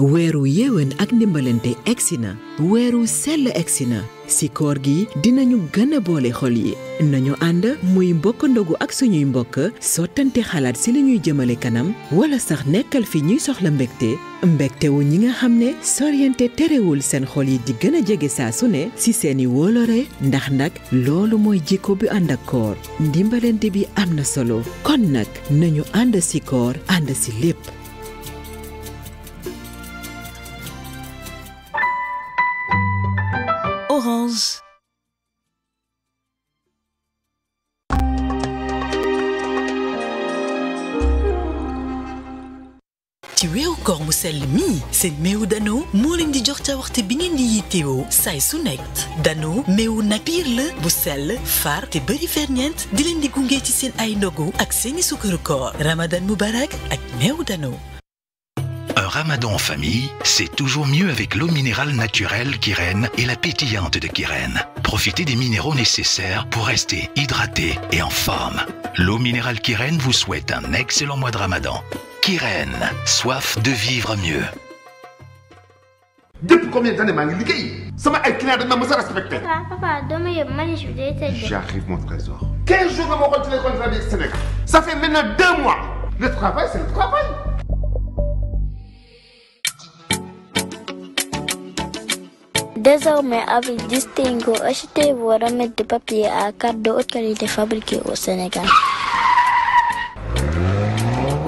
weeru yéwén ak ndimbalante egsi na weeru sell egsi na ci gi dinañu gën a boole xol yi nañu ànd muy mbokk ak suñuy mbokk sottante xalaat ci li ñuy jëmale kanam wala sax nekkal fi ñuy soxla mbégte mbégte ñi nga xam ne soriyante terewul seen xol yi di gën a jege saa su ne ci seeni wóolore ndax nag loolu mooy jikko bi ànd ak koor ndimbalante bi am na solo kon nag nañu ànd ci ànd si lépp koor mu sell mii seen méewu dano moo leen di jox ca waxte bi ngeen di yittewoo saay su nekk dano la bu sell far te bëri di leen di gunge ci seen ay ndogu ak seeni sukkaru koor ramadan mubarak ak méewu dano Un ramadan en famille, c'est toujours mieux avec l'eau minérale naturelle Kirène et la pétillante de Kirène. Profitez des minéraux nécessaires pour rester hydraté et en forme. L'eau minérale Kirène vous souhaite un excellent mois de ramadan. Kirène soif de vivre mieux. depuis combien d'années maa ngi liggéey sama ay client dañ ma mës a respecté. papa papa doo ma yóbbu ma j'arrive mon trésor. 15 jours nga ma les contrats du Sénégal. ça fait maintenant 2 mois. le travail c'est le papier à carte de haute qualité au Sénégal.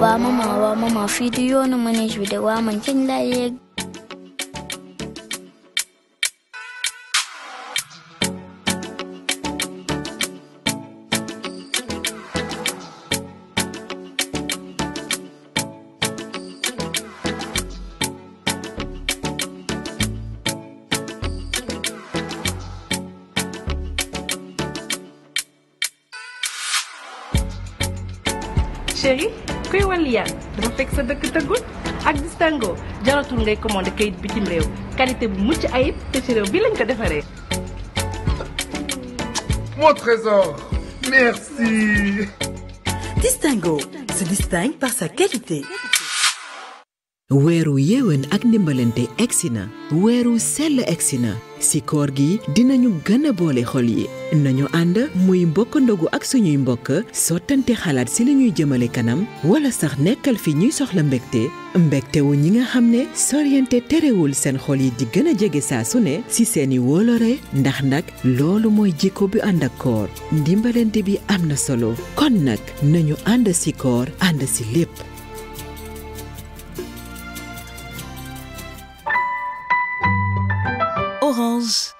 wa mama wa mama video no manage with the woman king like Chérie Viviane dafa fekk sa dëkk tëggul ak Distingo jaratul ngay commandé kayit bitim réew qualité bu mucc ayib te ci bi lañ ko defaree. Mon trésor, merci. Distingo se distingue par sa qualité. weeru yéwén ak ndimbalante egsi na weeru sell egsi na ci gi dinañu gën a boole xol yi nañu ànd muy mbokk ak suñuy mbokk sottante xalaat ci li ñuy jëmale kanam wala sax nekkal fi ñuy soxla mbégte mbégte ñi nga xam ne soriyante terewul seen xol yi di gën a jege saa su ne ci seeni wóolore ndax nag loolu mooy jikko bi ànd ak koor ndimbalante bi am na solo kon nag nañu ànd ci koor ànd ci lépp Orange.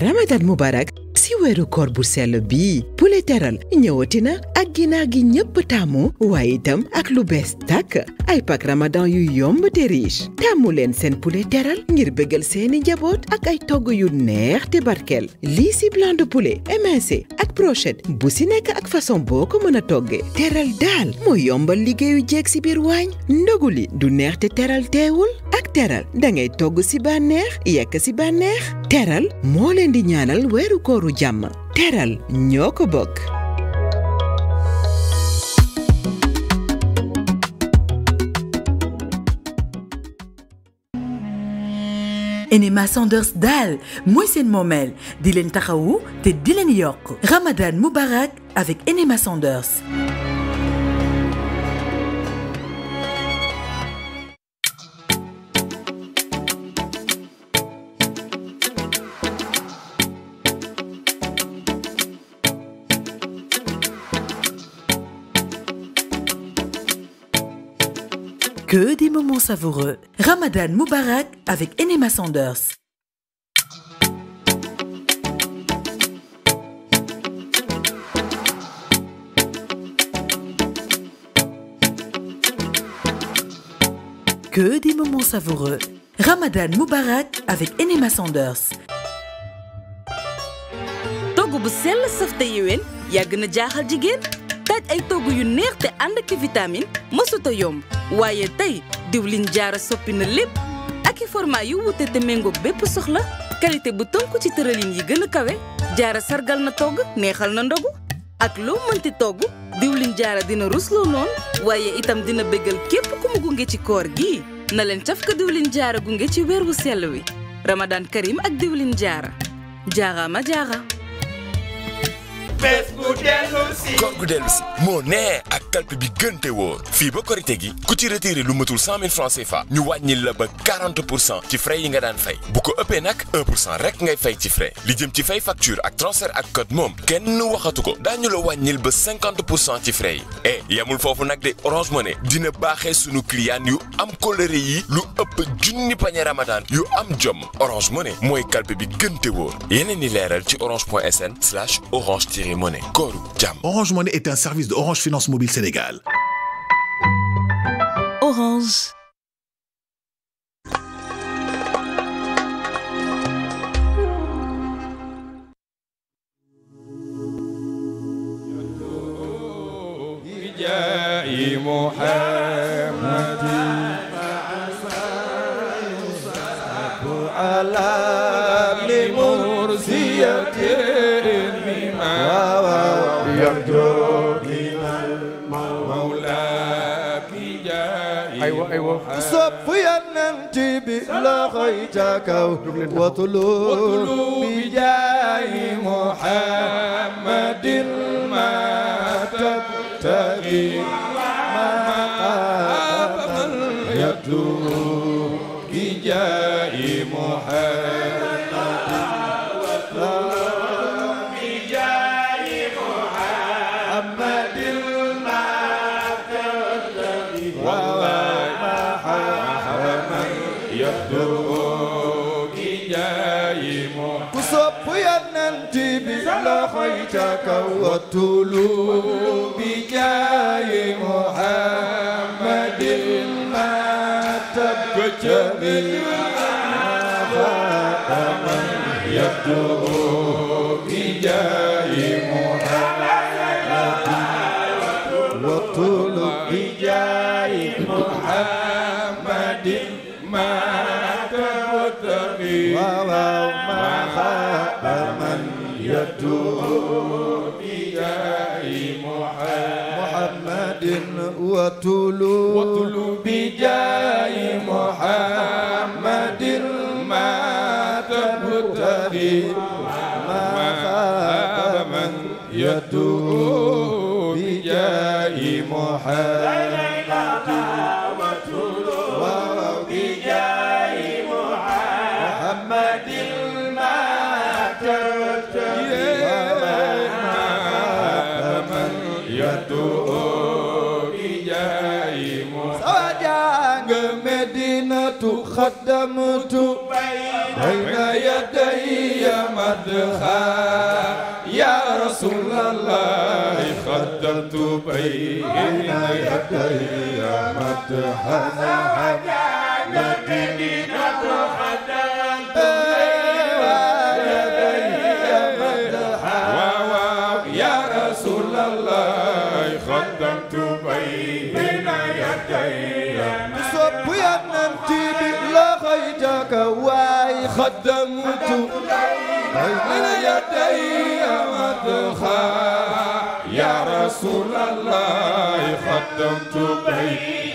Ramadan Moubarak si weeru koor bu sell bii Poulet Teral ñëwati na ak ginaar gi ñëpp taamu waaye itam ak lu bees tàkk ay pak Ramadan yu yomb te riche taamu leen seen Poulet Teral ngir bëggal seeni njaboot ak ay togg yu neex te barkeel lii si blanc de poulet ak brochette bu si nekk ak façon boo ko mën a toggee teral daal moo yombal liggéeyu jeeg si biir waañ ndogu li du neex te teral teewul teral dangay togg si bànneex yekk si bànneex teral moo leen di ñaanal weeru kooru jàmm teral ñoo ko bokk enema Sanders daal mooy seen moomeel di leen taxawu te di leen yokk Ramadan Moubarak avec enema Sanders savoureux. Ramadan Moubarak avec Enema Sanders. Que des moments savoureux. Ramadan Moubarak avec Enema Sanders. togg bu sell sëf te yeween yàgg na jaaxal jigéen taj ay togg yu neex te ànd ak vitamine mësuta yomb waaye tey diwlin jaara soppi na lépp ak i format yu wuute te méngoog bépp soxla qualité bu tënku ci tëralin yi gën a kawe jaara sargal na togg neexal na ndogu ak loo mënti togg diwlin jaara dina rusloo noonu waaye itam dina béggal képp ku gunge ci koor gi na leen caf ka diwlin jaara gunge ci weer wu sell wi ramadan karim ak diwlin jaara jaaraama jaara bés bu dellu moo nee ak kalpe bi gënte wóor fii ba korite gi ku ci retiré lu matul 100000 francs CFA ñu wàññil la ba 40 cent ci frais yi nga daan fay bu ko ëppee nag 1 pour rek ngay fay ci frais li jëm ci fay facture ak transfert ak code moom kenn waxatu ko daañu la wàññil ba 50 pour cent ci frais yi e foofu nag de Orange Money dina baaxee sunu client yu am kolere yi lu ëpp junni pañe ramadan yu am jom Orange Money mooy kalpe bi gënte wóor yeneen i leeral ci orange point sn slash orange Orange Money kooru jàmm Orange Money est un service de Orange Finance Mobile Sénégal Orange محمد بالتب لغيتك وطلوب بجاه محمد ما تبتغي تكوت بجاه محمد ما تبجى من فاتم يبدو وتلو وتلو بجاه محمد ما تبتغي ما خاب من يتوب بجاه محمد قدمت بين يدي مدخا يا رسول الله قدمت بين يدي مدخا لقني مدخا لك واي خدمت بين يدي مدخا يا رسول الله خدمت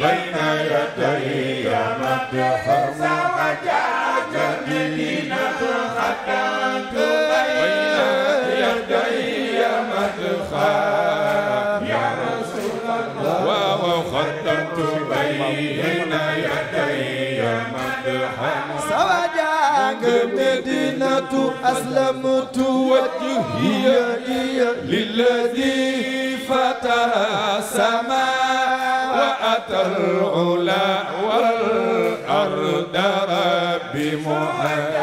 بين يدي مدخا وحجاج المدينة خدمت بين يدي مدخا أسلمت وجهي للذي فتح السماء وأتى العلا والأرض رب محمد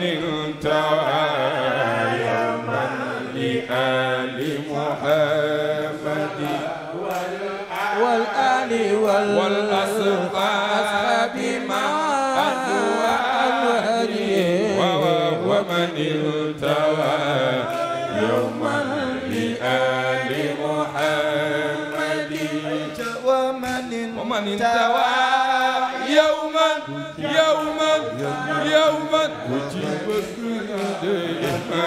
عن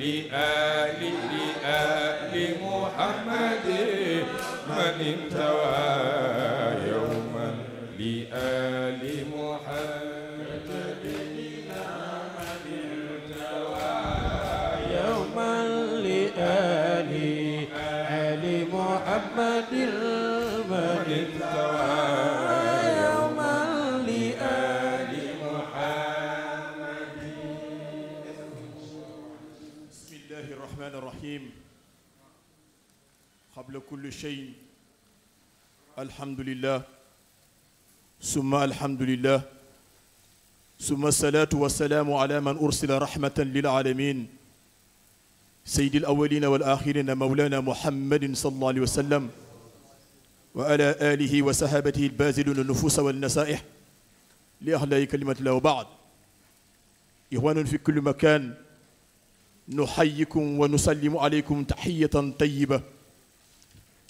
لآل لآل محمد من انتوى يوما لآل محمد من انتوى يوما لآل آل محمد qabla kulli shay alhamdulillah summa alhamdulillah summa alsalaatu wassalaamu ala man ursila rahmatan lilaalamin saydi alawalina walaxirina mawlana muhammadin sallallahu alayhi wa sallam wa ala alihi wa sahabatihi albasiluna nufuusa walnasaih li ahlaayi kalimatillah wa baad ixwanun fi kulli makan nuxayikum wa nusallimu aleykum taxiyatan tayiba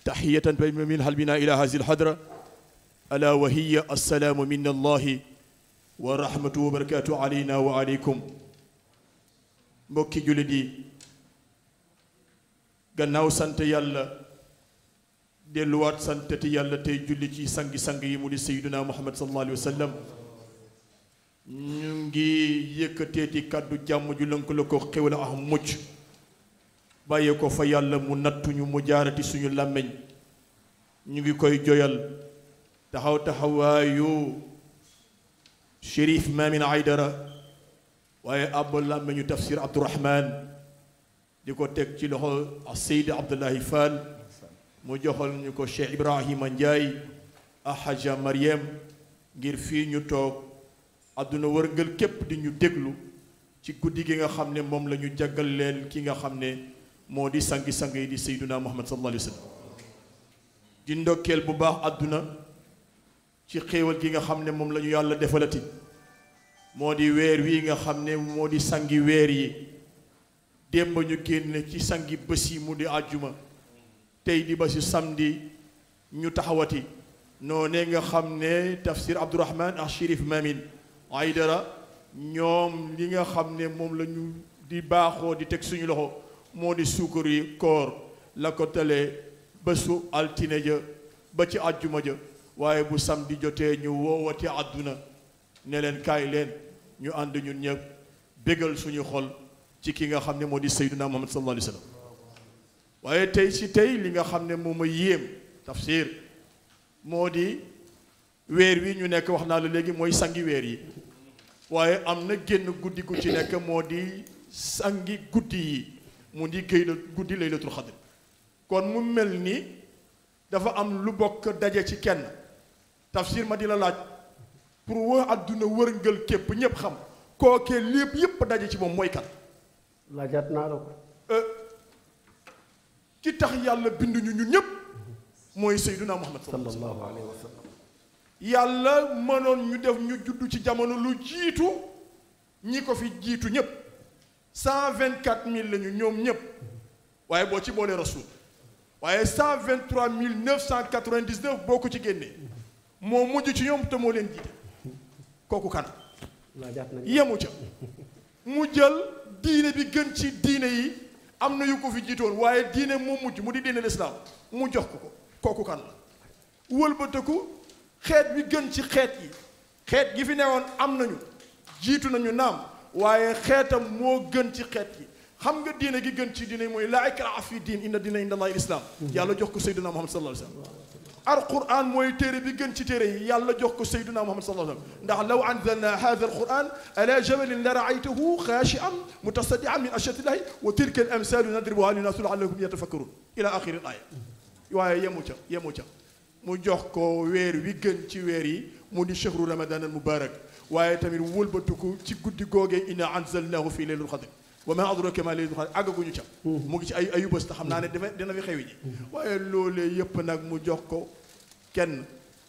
تحية من حلبنا إلى هذه الحضرة ألا وهي السلام من الله ورحمته وبركاته علينا وعليكم mbokki jullit yi gannaaw sant yàlla delluwaat santati yàlla te julli ci sangi-sang yi mu di sayyiduna muhammad sallallahu wa sallam ñu ngi yëkkateeti kàddu jàmm ju lënk la ko xéwal ak mucc bàyyi ko fa yàlla mu nattuñu mu jaarati suñu làmmiñ ñu ngi koy joyal taxaw taxawaayu Chérif Maamin Aydara waaye àbb làmmiñu tafsir Abdourahman di ko teg ci loxo Seyd Abdullahi Fall mu joxal ñu ko Cheikh Ibrahima njaay ahaja Mariam ngir fii ñu toog àdduna wërngal képp di ñu déglu ci guddi gi nga xam ne moom lañu ñu leen ki nga xam ne moo di sangi sang yi di sayduna muhammad sallallahu alayhi wa sallam di ndokkeel bu baax àdduna ci xéewal gi nga xam ne moom lañu yàlla defalati moo di weer wi nga xam ne moo di sangi weer yi démb ñu génn ci sangi bés yi mu di àjjuma tey di ba si samedi ñu taxawati noonee nga xam ne tafsir abdourahman ak shérif mamin dara ñoom li nga xam ne moom lañu di baaxoo di teg suñu loxo moo di suukar yi koor la ko tëlee bésu altine ja ba ci àjjuma ja waaye bu sam samedi jotee ñu woowati àdduna ne leen kaay leen ñu ànd ñun ñëpp bégal suñu xol ci ki nga xam ne moo di sayyiduna Muhammad sallallahu alayhi waaye tey si tey li nga xam ne moo ma yéem tafsir moo di weer wi ñu nekk wax naa la léegi mooy sangi weer yi waaye am na génn guddi gu ci nekk moo di sangi guddi yi mu di géy la guddi laylatul xadr kon mu mel ni dafa am lu bokk daje ci kenn tafsir ma di la laaj pour woo àdduna wërngël képp ñépp xam kookee lépp yépp daje ci moom mooy kan laajaat naa la ko euh, ki tax yàlla binduñu ñun ñépp mooy seyduna muhammad sallallahu yàlla mënoon ñu def ñu juddu ci jamono lu jiitu ñi ko fi jiitu ñépp cent vingt quatre mille la ñoom ñëpp waaye boo ci boolee rasul waaye cent vingt trois mille neuf cent quatre vingt dix neuf boo ko ci génnee moo mujj ci ñoom te moo leen jiite kooku kan yemu ca mu jël diine bi gën ci diine yi am na yu ko fi jiitoon waaye diine moo mujj mu di diine lislaam mu jox ko ko kooku kan la wëlbatiku xeet bi gën ci xeet yi xeet gi fi newoon am nañu jiitu nañu naam waaye xeetam moo gën ci xeet yi xam nga diine gi gën ci diine mooy laa ikraha fi diin inna diina inda allahi lislaam jox ko sayyidina muhammad sallallahu alayhi wa sallam alquran mooy téere bi gën ci téere yi yàlla jox ko sayyidina muhammad sallallahu alayhi wa sallam ndax law anzalna hadha alquran ala jabalin la raaytahu xaashian mutasaddian min ashatillahi wa tilka al amsalu nadribuha linnaasi laallahum yatafakkarun ila axiri al aya waaye yemu ca yemu ca mu jox ko weer wi gën ci weer yi mu di chahru ramadan al mubarak waaye tamit wëlbatiku ci guddi googee inna anzalnahu fi laylatul qadr wa ma adraka ma laylatul qadr àggaguñu ca mm-hmm. mu ngi ci ay ayu bés te xam naa ne dafa dina fi xewi mm-hmm. loolee yépp nag mu jox ko kenn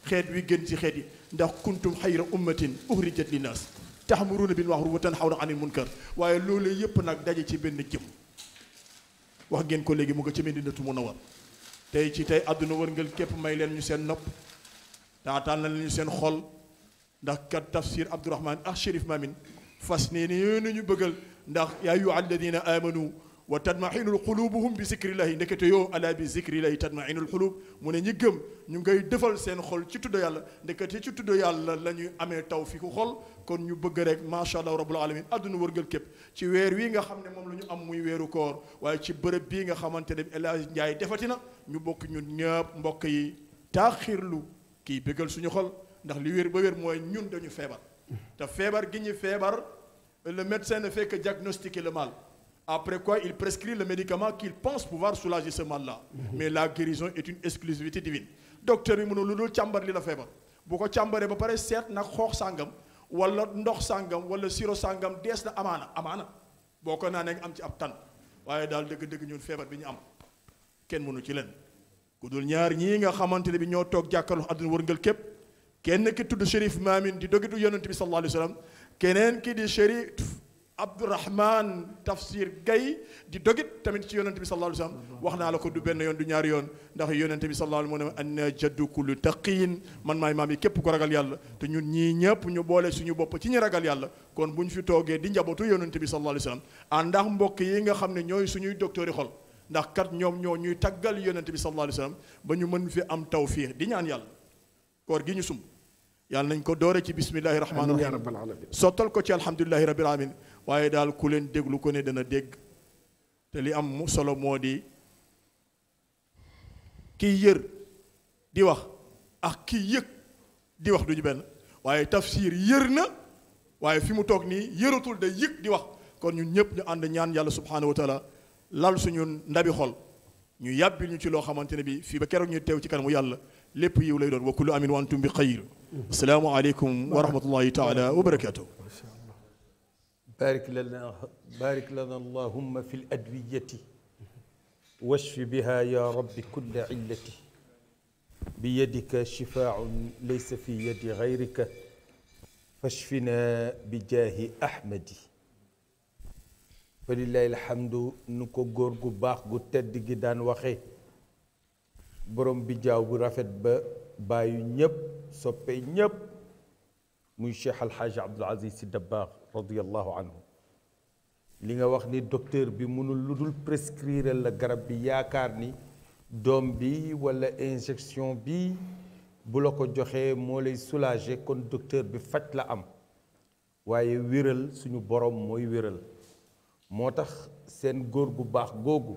xeet wi gën ci xeet yi ndax kuntum xayra ummatin uxrijat linnaas taxmuruuna bil ma'ruuf wa tanhawna anil munkar waaye loolee yépp nag daje ci benn jëm wax ngeen ko léegi mu nga ca Medinatu Munawwara tey ci tey àdduna wërngal képp may leen ñu seen nopp taataan na leen ñu seen xol ndax kat tafsir abdourahman ah shérif mamin fas nee ne yooyu nañu bëggal ndax yaa ayyuha alladina amanu wa tatmainu qulubuhum bi zikrillahi ndekete yoo ala bi zikrillahi tatmainu alqulub mu ne ñi gëm ñu ngay defal seen xol ci tudd yàlla ndekete ci tudd yàlla la ñuy amee tawfiiku xol kon ñu bëgg rek macha allah rabbul alamin àdduna wërgal képp ci weer wii nga xam ne moom la ñu am muy weeru koor waaye ci bërëb bii nga xamante ne El Hadj Ndiaye defati na ñu bokk ñu ñëpp mbokk yi taaxirlu kii bëggal suñu xol ndax li wér ba wér mooy ñun dañu feebar te feebar gi ñu feebar le médecin ne fait que diagnostiquer le mal après quoi il prescrit le médicament qu'il pense pouvoir soulager ce mal là mhm. mais la guérison est une exclusivité divine docteur bi mënul lu dul càmbar li la feebar bu ko càmbaree ba pare seet nag xoox sàngam wala ndox sàngam wala siro sàngam dees na amaana amaana boo ko naanee am ci ab tan waaye daal dëgg-dëgg ñun feebar bi ñu am kenn mënu ci leen ku dul ñaar ñii nga xamante ne bi ñoo toog jàkkaarloo àdduna wërngal képp kenn ki tudd Chérif Maamin di dogitu yonent bi sallallahu alayhi wa sallam keneen ki di Chérif Abdourahman Tafsir Gaye di dogit tamit ci yonante bi sallallahu alayhi wax naa la ko du benn yoon du ñaari yoon ndax yonent bi sallallahu alayhi wa sallam mu ne ana jaddu kullu taqiin man maay maam yi képp ko ragal yàlla te ñun ñii ñëpp ñu boole suñu bopp ci ñi ragal yàlla kon bu ñu fi toogee di njabootu yonent bi sallallahu alayhi wa sallam ndax mbokk yi nga xam ne ñooy suñuy docteur yi xol ndax kat ñoom ñoo ñuy taggal yonent bi sallallahu alayhi wa ba ñu mën fi am tawfiix di ñaan yàlla koor gi ñu sumb yàlla nañ ko doore ci bismillahi rahmaani rahim sottal ko ci alhamdulilahi rabil alamin waaye daal ku leen déglu ko ne dana dégg te li am solo moo di kiy yër di wax ak kiy yëg di wax duñu benn waaye tafsir yër na waaye fi mu toog nii yëratul da yëg di wax kon ñun ñëpp ñu ànd ñaan yàlla subhaanahu wa taala lal suñu ndabi xol ñu yàbbil ñu ci loo xamante ne bi fii ba keroog ñu teew ci kanamu yàlla lépp yiw lay doon wa kullu amin wa antum bi xayr asalaamu aleykum wa rahmatullahi taala wa barakatuh barik lana barik lana allahumma fi ladwiyati washfi biha ya rabbi kulla illati biyadika shifaaun laysa fi yadi gayrika fashfina bi jaahi ahmadi fa lillahi alhamdu nu ko góor gu baax gu tedd gi daan waxee borom bi bijaaw bu rafet ba bàyyi ñépp soppee ñépp muy cheikh alxaaji abdul aziz si dabbaax radiallahu anhu li nga wax ni docteur bi mënul lu dul prescrire la garab bi yaakaar ni doom bi walla injection bi bu la ko joxee moo lay soulager kon docteur bi faj la am waaye wéral suñu borom mooy wéral moo tax seen góor bu baax googu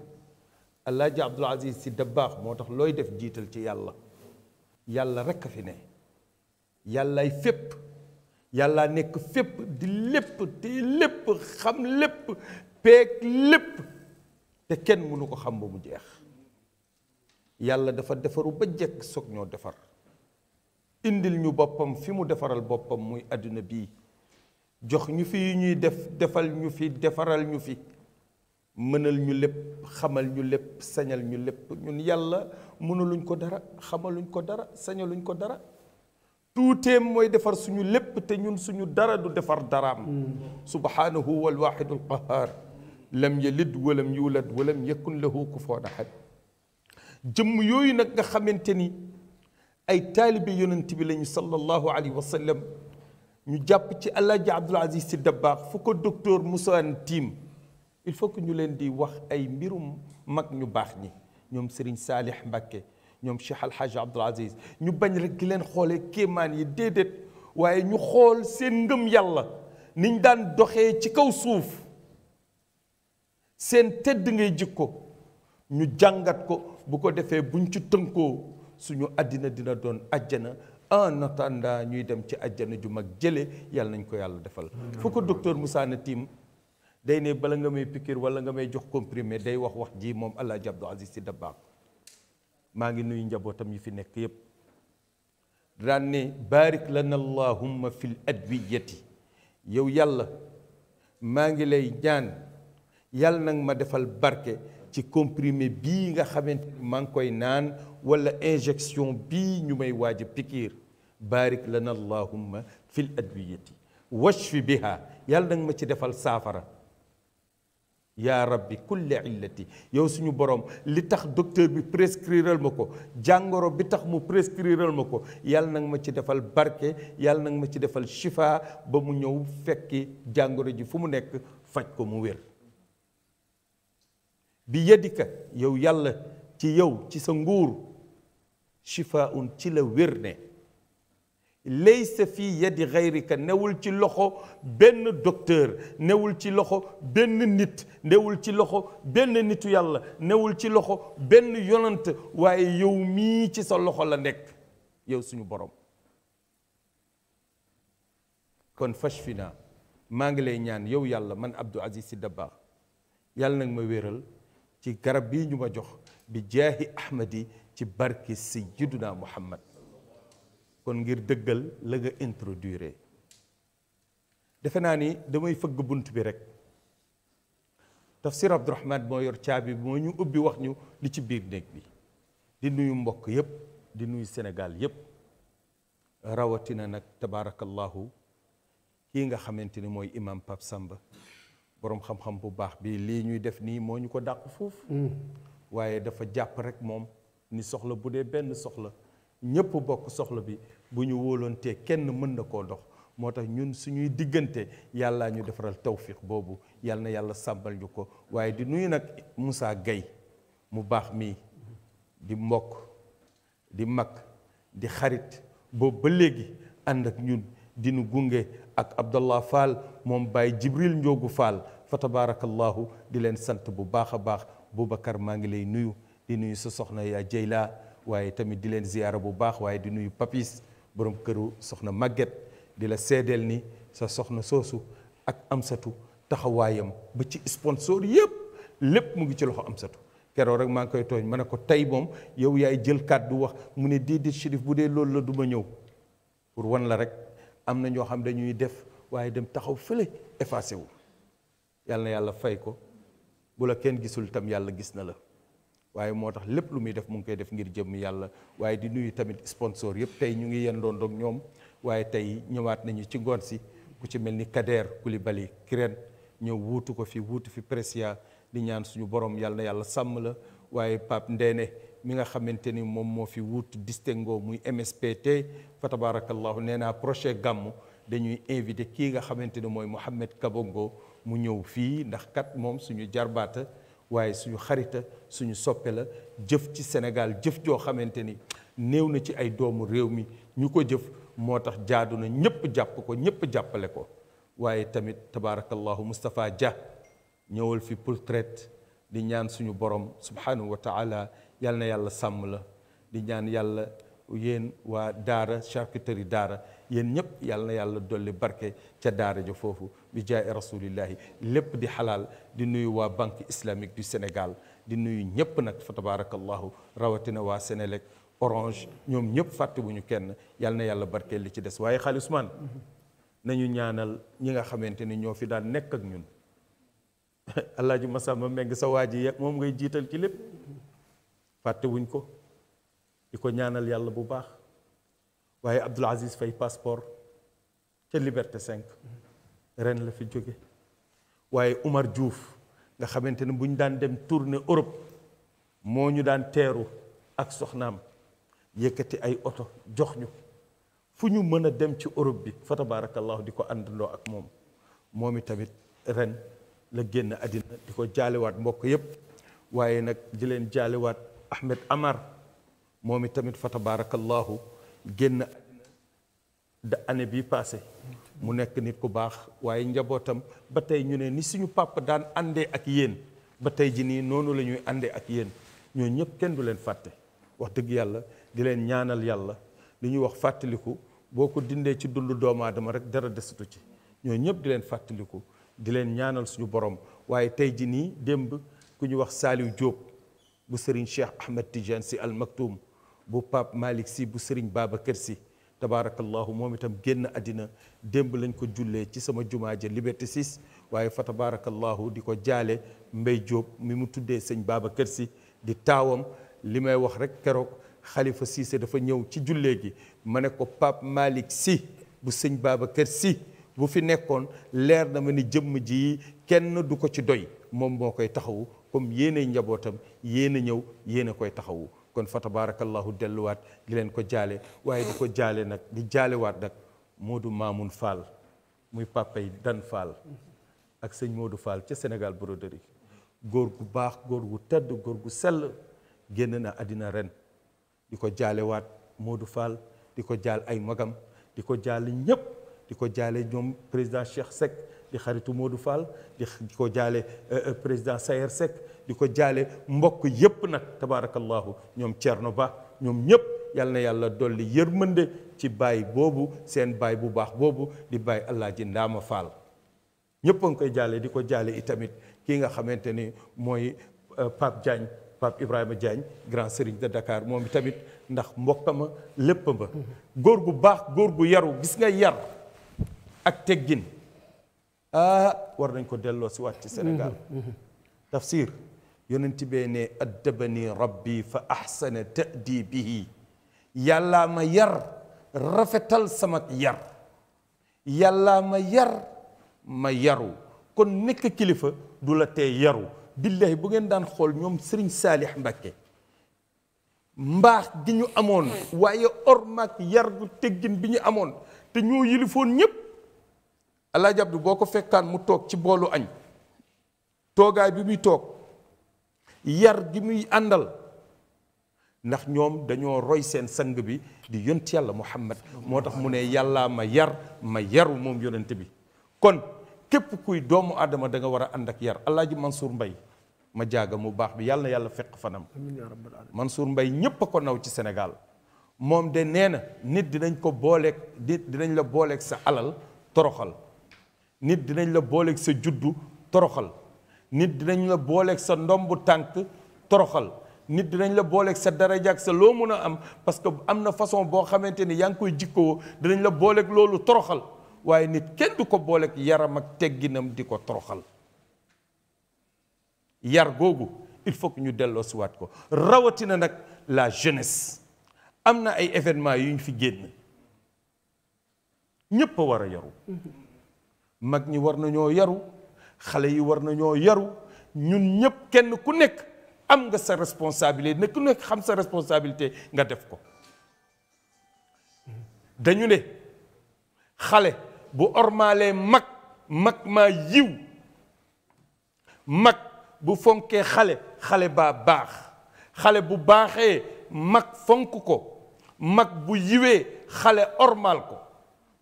Alaaji Abdul Aziz Si Dabbaax moo tax looy def jiital ci yàlla yàlla rekk a fi ne yàllaay fépp yàlla nekk fépp di lépp te lépp xam lépp peeg lépp te kenn mënu ko xam ba mu jeex yàlla dafa defaru ba jekk sog ñoo defar indil ñu boppam fi mu defaral boppam muy àdduna bii jox ñu fi yu ñuy def defal ñu fi defaral ñu fi mënal ñu lépp xamal ñu lépp sañal ñu lépp ñun yàlla mënaluñ ko dara xamal xamaluñ ko dara sañaluñ ko dara tuuteem mooy defar suñu lépp te ñun suñu dara du defar daraam mm. subhanahu wal waahidul qahaar lam yalid walam yulad walam yakun lahu kufuwan ahad jëmm yooyu nag nga xamante ni ay taalibe yonent bi lañu sallallahu alayhi wa sallam ñu jàpp ci alaaji Abdul Aziz Si Dabbaax fu ko docteur Moussa Ntim il faut que ñu leen di wax ay mbirum mag ñu baax ñi ñoom Serigne Salih Mbacké ñoom Cheikh Al Hadj ñu bañ rek leen xoolee kéemaan yi déedéet waaye ñu xool seen ngëm yàlla niñ daan doxee ci kaw suuf seen tedd ngay ko ñu jàngat ko bu ko defee buñ ci tënkoo suñu àddina dina doon àjjana en attendant ñuy dem ci àjjana ju mag jële yàlla nañ ko yàlla defal. foo ko docteur Moussa Natim day ne bala nga may piqûre wala nga may jox comprimé day wax wax ji moom El Hadj Abdou Aziz Sy Dabakh maa ngi nuyu njabootam yi fi nekk yëpp daan ne baarik lana allahumma fil adwiyati yow yàlla maa ngi lay ñaan yàlla nag ma defal barke ci comprimé bii nga xamante maa ngi koy naan wala injection bii ñu may waaj a pikiir baarik lana allahumma fil adwiyati washfi biha yàlla nag ma ci defal saafara yaa bi kulli illati yow suñu borom li tax docteur bi prescriral ma ko jàngoro bi tax mu prescriral ma ko yàlla nag ma ci defal barke yàlla nanga ma ci defal shifa ba mu ñëw fekki jàngoro ji fu mu nekk faj ko mu wér bi yadika yow yàlla ci yow ci sa nguur shifa un ci la wér ne laysa fii yadi gayrika newul ci loxo benn docteur newul ci loxo benn nit newul ci loxo benn nitu yàlla newul ci loxo benn yonant waaye yow mii ci sa loxo la nekk yow suñu borom kon fashfina maa ngi lay ñaan yow yàlla man Abdou Aziz Sy Dabakh yàlla nag ma wéral ci garab bii ñu ma jox bi jaahi ahmadi ci barke sayyiduna muhammad kon ngir dëggal la nga introduire defe naa ni damay fëgg bunt bi rek tafsir abdourahman boo yor caabi bi moo ñu ubbi wax ñu li ci biir néeg bi di nuyu mbokk yépp di nuyu senegal yépp rawatina nag tabaarakallahu kii nga xamante ni mooy imam Pape Samba boroom xam-xam bu baax bi lii ñuy def nii moo ñu ko dàq foofu mm. waaye dafa jàpp rek moom ni soxla bu dee benn soxla ñëpp bokk soxla bi bu ñu wóoloontee kenn mën na koo dox moo tax ñun suñuy diggante yàlla ñu defaral tawfiq boobu yàlla na yàlla sàmbal ñu ko waaye di nuyu nag Moussa Gueye mu baax mii di mbokk di mag di xarit boobu ba léegi ànd ak ñun di gunge ak Abdallah Fall moom Baye Jibril Njoogu Fall fa tabaarakallahu di leen sant bu baax a baax Boubacar maa ngi lay nuyu di nuyu sa soxna yaa waaye tamit di leen ziyaara bu baax waaye di nuyu papis borom këru soxna Maguette di la seedeel ni sa soxna soosu ak amsatu taxawaayam ba ci sponsor yépp lépp mu ngi ci loxo amsatu keroog rek maa ngi koy tooñ ma ne ko tey moom yow yaay jël kàddu wax mu ne déedéet Chérif bu dee loolu la du ma ñëw pour wan la rek am na ñoo xam dañuy def waaye dem taxaw fële effacé wu yàlla yàlla fay ko bu la kenn gisul tam yàlla gis na la waaye moo tax lépp lu muy def mu ngi koy def ngir jëm yàlla waaye di nuyu tamit sponsor yëpp tey ñu ngi yendoon ak ñoom waaye tey ñëwaat nañu ci ngoon si ku ci mel ni Kader Koulibaly Kirène ñëw wuutu ko fi wuutu fi Precia di ñaan suñu borom yàlla yàlla sàmm la waaye Pape Ndene mi nga xamante ni moom moo fi wuutu distingo muy MSPT fa tabarakallahu nee naa projet gàmmu dañuy invité kii nga xamante ni mooy Mouhamed Kabongo mu ñëw fii ndax kat moom suñu jarbaata waaye suñu xarita suñu soppe la jëf ci Sénégal jëf joo xamante ni néew na ci ay doomu réew mi ñu ko jëf moo tax jaadu na ñëpp jàpp ko ñëpp jàppale ko waaye tamit tabaarakallahu Moustapha Dia ñëwal fi portrait di ñaan suñu borom subhanahu wa taala yal na yàlla sàmm la di ñaan yàlla yéen waa daara charcuterie daara yéen ñëpp yàlla na yàlla dolli barke ca daara ja foofu bi jaay rasulillahi lépp di xalaal di nuyu waa banque islamique du Sénégal di nuyu ñëpp nag fa tabaarakallahu rawatina waa Sénélec Orange ñoom ñëpp fàttewuñu kenn yàlla na yàlla barke li ci des waaye xaali Ousmane nañu ñaanal ñi nga xamante ni ñoo fi daan nekk ak ñun Alaaji Masamba Mbengue sa waa ji moom ngay jiital ci lépp fàttewuñ wuñ ko di ko ñaanal yàlla bu baax waaye Abdoul Aziz Faye passeport ca Liberté 5 ren la fi jóge waaye Umar juuf nga xamante ne bu ñu daan dem tournée Europe moo ñu daan teeru ak soxnaam yëkkati ay oto jox ñu fu ñu mën a dem ci Europe bi fa tabaarakallaahu di ko àndandoo ak moom moom tamit ren la génn àddina di ko jaalewaat mbokk yépp waaye nag di leen jaalewaat Ahmed Amar moom itamit fa tabaarakallaahu génn àddina da année bi passé mu nekk nit ku baax waaye njabootam ba tey ñu ne ni suñu papa daan àndee ak yéen ba tey ji nii noonu lañuy àndee ak yéen ñoo ñëpp kenn du leen fàtte wax dëgg yàlla di leen ñaanal yàlla li ñuy wax fàttaliku boo ko dindee ci dundu doomu aadama rek dara desatu ci ñoo ñëpp di leen fàttaliku di leen ñaanal suñu borom waaye tey ji nii démb ku ñu wax Saliou Diop bu Serigne Cheikh Ahmed Tidiane si al bu pap Malick Sy bu Serigne Babacar si tabaarakallahu moom itam génn àddina démb lañ ko jullee ci sama jumaa ja Liberté 6 waaye fa tabaarakallahu di ko jaale Mbaye Diop mi mu tuddee sëñ Babacar si di taawam li may wax rek keroog xalifa Cissé dafa ñëw ci jullee gi ma ne ko Pape Malick si bu sëñ Babacar Sy bu fi nekkoon leer na ma ni jëmm ji kenn du ko ci doy moom moo koy taxawu comme yéenay njabootam yéen a ñëw yéen a koy taxawu kon fa tabarakallahu delluwaat di leen ko jaale waaye di ko jaale nag di jaalewaat nag Modou Mamoun Fall muy papay Dan Fall ak sëñ Modou Fall ca Sénégal broderie góor gu baax góor gu tedd góor gu sell génn na àddina ren di ko jaalewaat Modou Fall di ko jaal ay magam di ko jaale ñëpp di ko jaale ñoom président Cheikh Seck di xaritu Modou Fall di ko jaale euh, euh, président Sayer Seck di ko jaale mbokk yépp nag tabaarakallaahu ñoom Thierno Ba ñoom ñëpp yal na yàlla dolli yërmande ci baay boobu seen baay bu baax boobu di baay Alaaji Ndaama Faal ñëpp a ngi koy jaale di ko jaale itamit kii nga xamante ni mooy euh, Pape jaañ Pape Ibrahima Diagne grand sëriñ de Dakar moom itamit ndax mbokkama lépp ba góor bu baax góor bu yaru gis nga yar ak teggin ah war nañ ko delloo si waat ci Sénégal mm-hmm. Mm-hmm. tafsir yonent bee ne addabani rabbi fa ahsana ta'dibihi yàllaa ma yar rafetal sama yar yàlla ma yar ma yaru kon nekk kilifa du la tee yaru billahi bu ngeen daan xool ñoom sëriñ Saalix Mbàkke mbaax gi ñu amoon waaye ormaag yar gu teggin bi ñu amoon te ñoo yilifoon ñépp alaaji Abdu boo ko fekkaan mu toog ci boolu añ toogaay bi muy toog yar gi muy àndal ndax ñoom dañoo roy seen sang bi di yont yàlla muhammad moo tax mu ne yàllaa ma yar ma yaru moom yonent bi kon képp kuy doomu adama da war a ànd ak yar alaaji Mansour mbay ma jàgg mu baax bi yàlla na yàlla fekk fanam Mansour mbay ñépp a ko naw ci Sénégal moom de nee na nit dinañ ko booleek nit dinañ la booleek sa alal toroxal nit dinañ la booleek sa juddu toroxal nit dinañ la booleeg sa ndombu tànk toroxal nit dinañ la booleeg sa daraja ak sa loo mun a am parce que am na façon boo xamante ni yaa ngi koy jikkoo dinañ la booleeg loolu toroxal waaye nit kenn du ko booleek yaram ak tegginam di ko toroxal yar googu il faut que ñu delloo siwaat ko rawatina nag la jeunesse am na ay événements yu ñu fi génn ñépp a war a yaru mag ñi war nañoo yaru xale yi war nañoo yaru ñun ñëpp kenn ku nekk am nga sa responsabilité ne ku nekk xam sa responsabilité nga def ko dañu ne xale bu ormaalee mag mag maa yiw mag bu fonkee xale xale baa baax xale bu baaxee mag fonk ko mag bu yiwee xale ormaal ko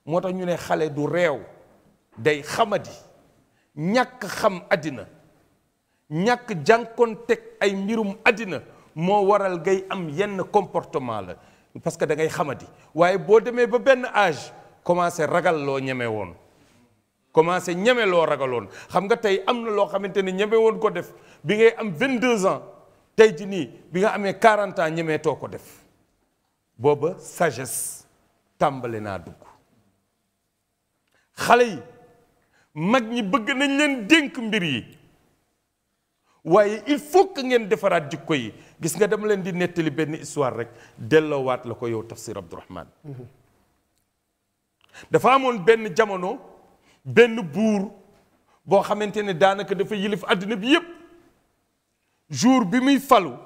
moo tax ñu ne xale du reew day xamadi ñàkk xam àddina ñàkk teg ay mbirum àddina moo waral ngay am yenn comportement la parce que da ngay xamadi waaye boo demee ba benn age commencé ragal loo ñeme woon commencé ñeme loo ragaloon xam nga tey am na loo xamante ne ñeme woon ko def bi ngay am vingt deux ans tey ji nii bi nga amee quarante ans ñemee too ko def booba sagesse tàmbale naa dugg xale yi mag ñi bëgg nañ leen dénk mbir yi waaye il faut que ngeen defaraat jikko yi gis nga dem leen di nettali benn histoire rek delloowaat la ko yow tafsir Abdourahman dafa amoon benn jamono benn buur boo xamante ne daanaka dafa yilif àddina bi yépp jour bi muy falu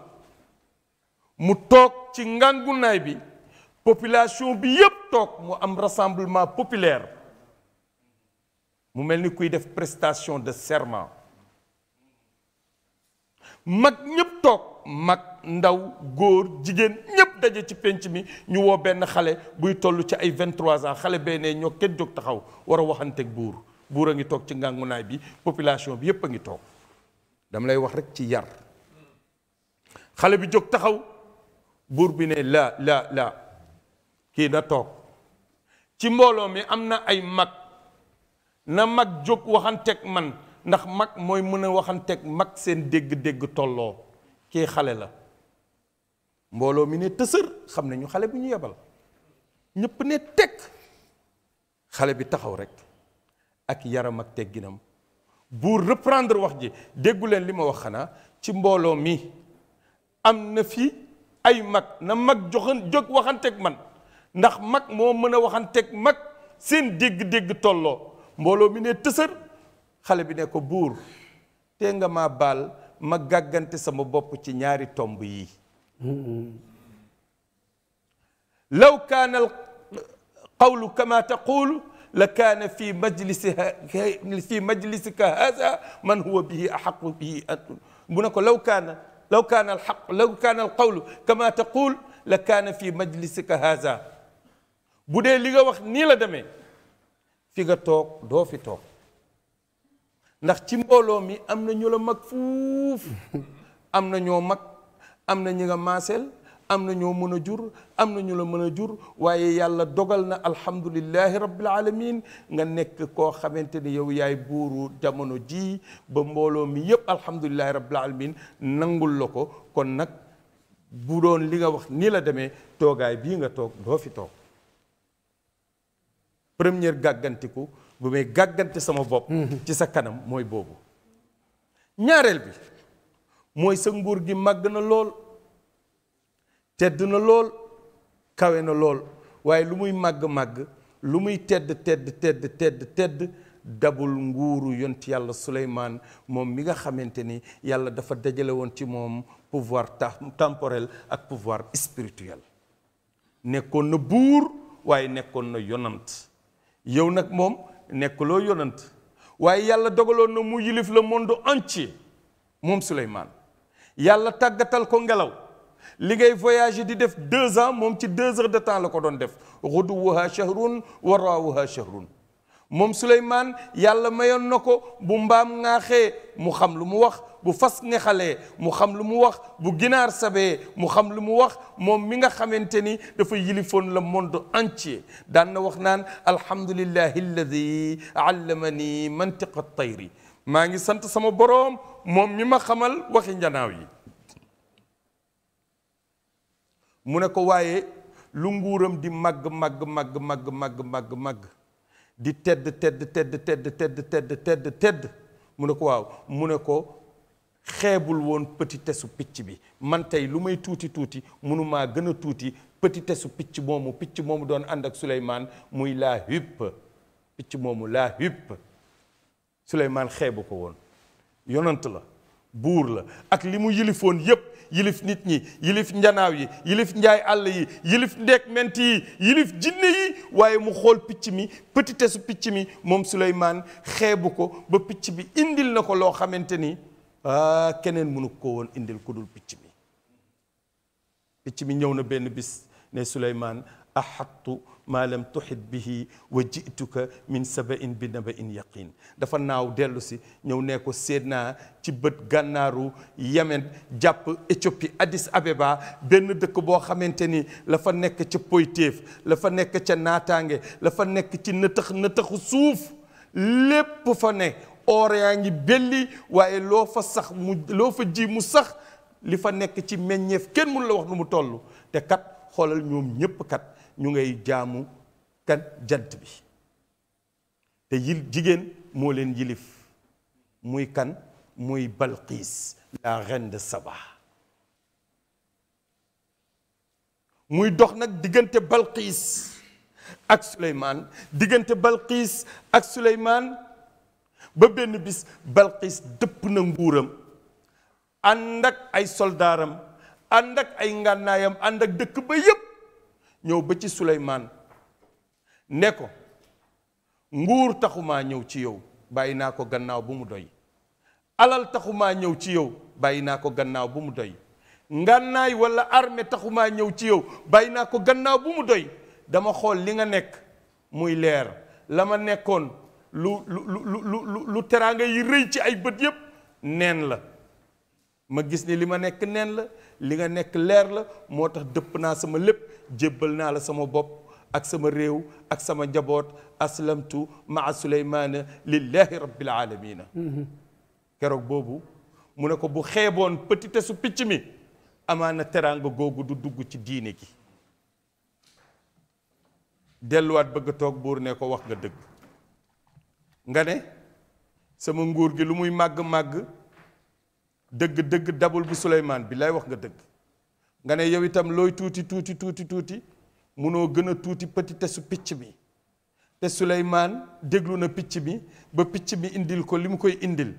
mu toog ci ngangunaay bi population bi yépp toog mu am rassemblement populaire mu mel ni kuy def prestation de serment mag ñëpp toog mag ndaw góor jigéen ñëpp daje ci pénc mi ñu woo benn xale buy toll ci ay 23 ans xale bee nee ñoo kenn jóg taxaw war a waxanteeg buur buur a ngi toog ci ngàngunaay bi population bi yépp a ngi toog dama lay wax rek ci yar xale bi jóg taxaw buur bi ne la la la kii na toog ci mbooloo mi am na ay mag na mag jóg waxanteeg man ndax mag mooy mën a waxanteeg mag seen dégg-dégg tolloo kii xale la mbooloo mi ne tësër xam nañu xale bu ñu yebal ñépp ne teg xale bi taxaw rek ak yaram ak tegginam buur reprendre wax ji déggu leen li ma wax xanaa ci mbooloo mi am na fi ay mag na mag joxan jóg waxanteeg man ndax mag moo mën a waxanteeg mag seen dégg-dégg tolloo mbooloo mi ne tësër xale bi ne ko buur tee nga ma baal ma gàggante sama bopp ci ñaari tomb yi law kaana al qawlu kama taqulu la kaana fi majlisika haza man huwa bihi axaqu bihi an mu ko law kaana law kaana al xaq law kaana kama taqul la kaana fi majlisika haza bu dee li nga wax nii la demee fi nga toog doo fi toog ndax ci mbooloo mi am na ñu la mag fuuf am na ñoo mag am na ñi nga maaseel am na ñoo mën a jur am na ñu la mën a jur waaye yàlla dogal na alhamdulilahi rabbil alamin nga nekk koo xamante ni yow yaay buuru jamono jii ba mbooloo mi yépp alhamdulilahi rabbil alamin nangul la ko kon nag bu doon li nga wax nii la demee toogaay bii nga toog doo fi toog première gàggantiku bu may gàggante sama bopp mm-hmm. ci sa kanam mooy boobu ñaareel bi mooy sa nguur gi màgg na lool tedd na lool kawe na lool waaye lu muy màgg-màgg lu muy tedd tedd tedd tedd tedd dabul nguuru yont yàlla Suleymaan moom mi nga xamante ni yàlla dafa dajale woon ci moom pouvoir temporel ak pouvoir spirituel nekkoon na buur waaye nekkoon na yonant yow nag moom nekkuloo yonant waaye yàlla dogaloon na mu yilif le monde entier moom Souleymane yàlla tàggatal ko ngelaw li ngay voyager di def deux ans moom ci deux heures de temps la ko doon def xuduwuha shahrun waraahuha shahrun moom Suleymaan yàlla mayoon na ko bu mbaam ŋaaxee mu xam lu mu wax bu fas nexalee mu xam lu mu wax bu ginaar sabe mu xam lu mu wax moom mi nga xamante ni dafa yilifoon la monde entier daan na wax naan alhamdulillahi alladi allamani mantiqa tayri maa ngi sant sama boroom moom mi ma xamal waxi njanaaw yi mu ne ko waaye lu nguuram di màgg màgg màgg màgg màgg màgg màgg di tedd tedd tedd tedd tedd tedd tedd tedd mu ne ko waaw mu ne ko xeebul woon petitessu picc bi man tey lu may tuuti tuuti mënumaa gën a tuuti petitessu picc moomu picc moomu doon ànd ak Suleymaan muy laa hupp picc moomu laa hupp Suleymaan xeebu ko woon yonant la buur la ak li mu yilifoon yépp yilif nit ñi yilif njanaaw yi yilif njaay àll yi yilif ndeek ment yi yilif jinne yi waaye mu xool picc mi petitesse picc mi moom Suleymaan xeebu ko ba picc bi indil na ko loo xamante ni ah keneen mënu ko woon indil ku dul picc mi picc mi ñëw na benn bis ne Suleymaan axattu maa lam tuhit bihi wa jituka min sabain bi nabain yaqin dafa naaw dellusi ñëw ne ko seet naa ci bët gànnaaru Yemen jàpp Éthiopie Addis Abeba benn dëkk boo xamante ni la fa nekk ca poytéef la fa nekk ca naataange la nekk ci nëtëx nëtëxu suuf lépp fa ne or yaa ngi belli waaye loo fa sax mu loo fa ji mu sax li fa nekk ci meññeef kenn mënu la wax lu mu toll te kat xoolal ñoom ñëpp kat ñu ngay jaamu kan jant bi te yil jigéen moo leen yilif muy kan muy Balqiis la reine Saba muy dox nag diggante Balqiis ak Suleymaan diggante Balqiis ak Suleymaan ba benn bis Balqiis dëpp na nguuram ànd ak ay soldaaram ànd ak ay ngànnaayam ànd ak ñëw ba ci Suleymaan ne ko nguur taxumaa ñëw ci yow bàyyi naa ko gannaaw bu mu doy alal taxumaa ñëw ci yow bàyyi naa ko gannaaw bu mu doy ngànnaay wala armée taxumaa ñëw ci yow bàyyi naa ko gannaaw bu mu doy dama xool li nga nekk muy leer la ma nekkoon lu lu lu lu lu teraanga yi rëy ci ay bët yépp neen la ma gis ni li ma nekk neen la li nga nekk leer la moo tax dëpp naa sama lépp jébbal naa la sama bopp ak sama réew ak sama njaboot aslamtu maa suleymaana lillahi rabbil alamina keroog boobu mu ne ko bu xeeboon petite su picc mi amaana teraanga googu du dugg ci diine gi delluwaat bëgg toog buur ne ko wax nga dëgg nga ne sama nguur gi lu muy màgg-màgg dëgg dëgg dabul bu Souleymane bi lay wax nga dëgg nga ne yow itam looy tuuti tuuti tuuti tuuti munoo gën a tuuti petit tesu picc bi te Souleymane déglu na picc bi ba picc bi indil ko li mu koy indil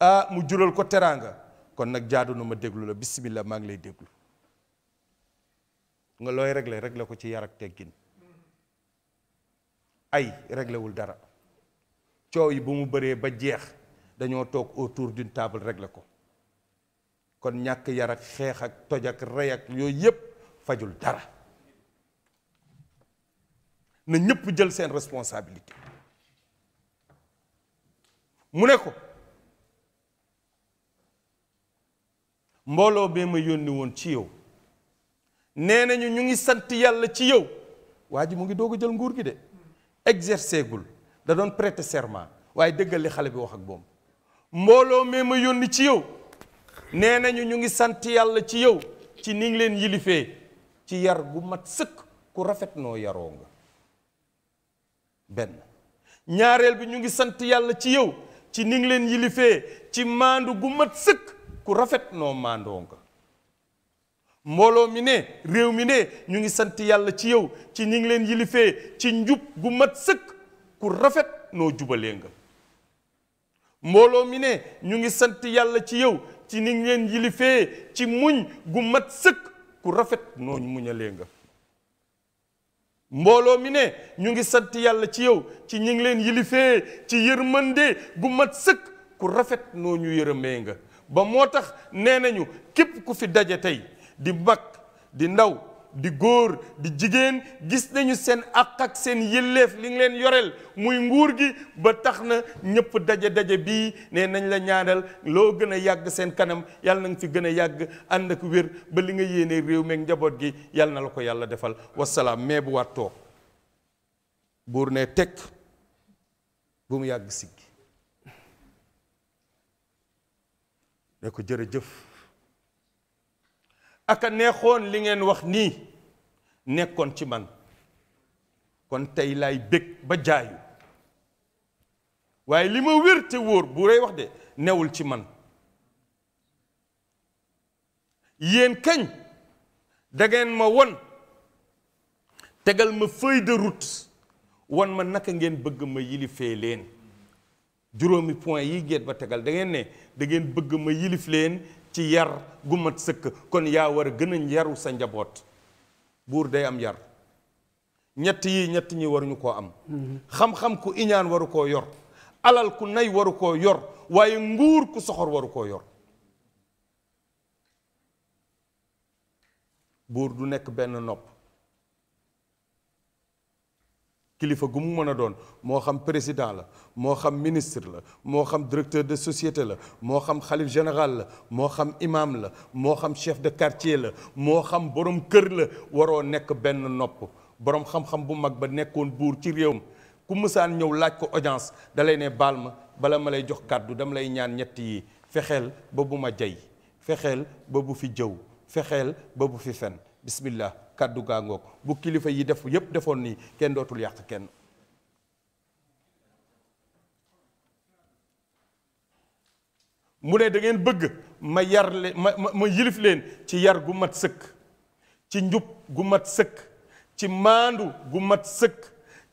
ah mu jural ko teraanga kon nag jaadu na ma déglu la bismillah maa ngi lay déglu nga looy regle regle ko ci yarak teggin ay réglé dara coow yi bu mu baree ba jeex dañoo toog autour d'une table réglé ko kon ñàkk yar ak xeex ak toj ak rey ak yooyu yépp fajul dara na ñépp jël seen responsabilité mu ne ko mbooloo bee ma yónni woon ci yow nee nañu ñu ngi sant yàlla ci yow waa ji mu ngi doog jël nguur gi de exercé gul da doon prêter serment waaye dëggal li xale bi wax ak moom mbooloo mee ma yónni ci yow nee nañu ñu ngi sant yàlla ci yow ci ni ngi leen yilifee ci yar gu mat sëkk ku rafet noo yaroo nga benn ñaareel bi ñu ngi sant yàlla ci yow ci ni ngi leen yilifee ci maandu gu mat sëkk ku rafet noo maandoo mbooloo mi ne réew mi ne ñu ngi sant yàlla ci yow ci ñi ngi leen yilifee ci njub gu mat sëkk ku rafet noo jubalee nga mbooloo mi ne ñu ngi sant yàlla ci yow ci ni ngi leen yilifee ci muñ gu mat sëkk ku rafet noo muñalee nga mbooloo mi ne ñu ngi sant yàlla ci yow ci ñi ngi leen yilifee ci yërmande gu mat sëkk ku rafet noo ñu yërëmee nga ba moo tax nee nañu képp ku fi daje tey di mag di ndaw di góor di jigéen gis nañu seen àq ak seen yëlleef li ngi leen yoreel muy nguur gi ba tax na ñépp daje-daje bii ne nañ la ñaanal loo gën a yàgg seen kanam yàlla na nga fi gën a yàgg ànd ak wér ba li nga yéene réew meeg njaboot gi yàlla na la ko yàlla defal wasalaam mais bu waat buur ne teg bu mu yàgg siggi ne ko jëf aka neexoon li ngeen wax nii nekkoon ci man kon tey lay bég ba jaayu waaye li ma wér te wóor bu rey wax de newul ci man yéen kañ dangeen ma won tegal ma feuille de wan won ma naka ngeen bëgg ma yilifee leen juróomi point yi géet ba tegal da ngeen ne da bëgg ma yilif leen ci yar gumat mat sëkk kon yaa war a gën a yaru sa njaboot buur day am yar ñett yi ñett ñi waruñu ko am mm-hmm. xam-xam ku iñaan waru koo yor alal ku nay waru koo yor waaye nguur ku soxor waru koo yor buur du nekk benn nopp kilifa gu mu mën a doon moo xam président la moo xam ministre la moo xam directeur de société la moo xam xalif général la moo xam imaam la moo xam chef de quartier la moo xam borom kër la waroo nekk benn nopp boroom xam-xam bu mag ba nekkoon buur ci réew mi ku mësaan ñëw laaj ko audience da lay ne baal ma bala ma lay jox kàddu dama lay ñaan ñett yi fexeel ba bu ma jay fexeel ba bu fi jëw fexeel ba bu fi fen bismillah kàddu gaa ngoog bu kilifa yi def yépp defoon nii kenn dootul yàq kenn mu ne da ngeen bëgg ma yar leen ma yilif leen ci yar gu mat sëkk ci njub gu mat sëkk ci maandu gu mat sëkk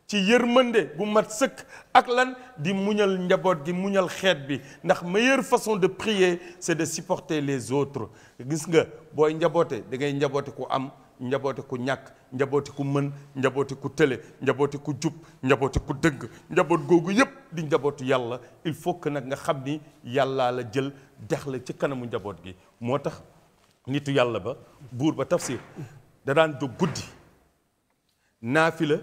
ci yërmande gu mat sëkk ak lan di muñal njaboot gi muñal xeet bi ndax meilleure façon de prier c'est de supporter les autres gis nga booy njaboote da ngay njaboote ku am njaboote ku ñàkk njaboote ku mën njaboote ku tële njaboote ku jub njaboote ku dëgg njaboot googu yépp di njabootu yàlla il faut que nag nga xam ni yàlla la jël dex la ci kanamu njaboot gi moo tax nitu yàlla ba buur ba tafsir da daan jóg guddi naafila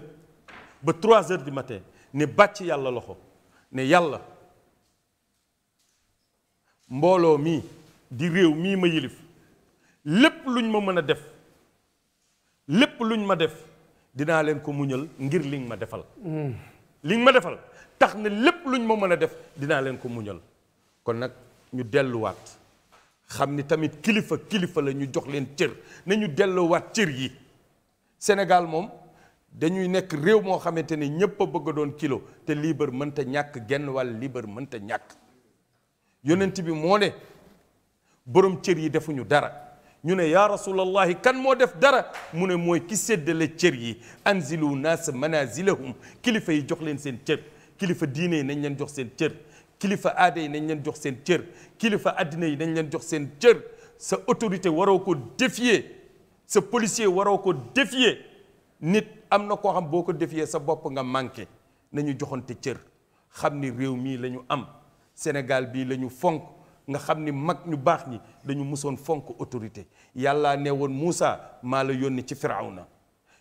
ba trois heures du matin ne bàcc yàlla loxo ne yàlla mbooloo mii di réew mii ma yilif lépp luñ ma mën a def lépp luñ ma def dinaa leen ko muñal ngir liñ ma defal hmm. liñ ma defal tax na lépp luñ ma mën a def dinaa leen ko muñal kon nag ñu delluwaat xam ni tamit kilifa kilifa la ñu jox leen cër nañu delluwaat cër yi Sénégal moom dañuy nekk réew moo xamante ni ñëpp a bëgg a doon kilo te liibar mënta ñàkk genn wàll liibar mënta ñàkk yonent bi moo ne borom cër yi defuñu dara ñu ne yaa rasulallahi kan moo def dara mu ne mooy ki séddale cër yi anzilu naas manazilahum kilifa yi jox leen seen cër kilifa diine yi nañ leen jox seen cër kilifa aada yi nañ leen jox seen cër kilifa addina yi nañ leen jox seen cër sa autorité waroo ko défier sa policier waroo ko défier nit am na koo xam boo ko défier sa bopp nga manqué nañu joxante cër xam ni réew mii lañu am Sénégal bii lañu fonk nga xam ni mag ñu baax ñi dañu musoon fonk autorité yàlla ne woon Moussa maa la yónni ci Firawna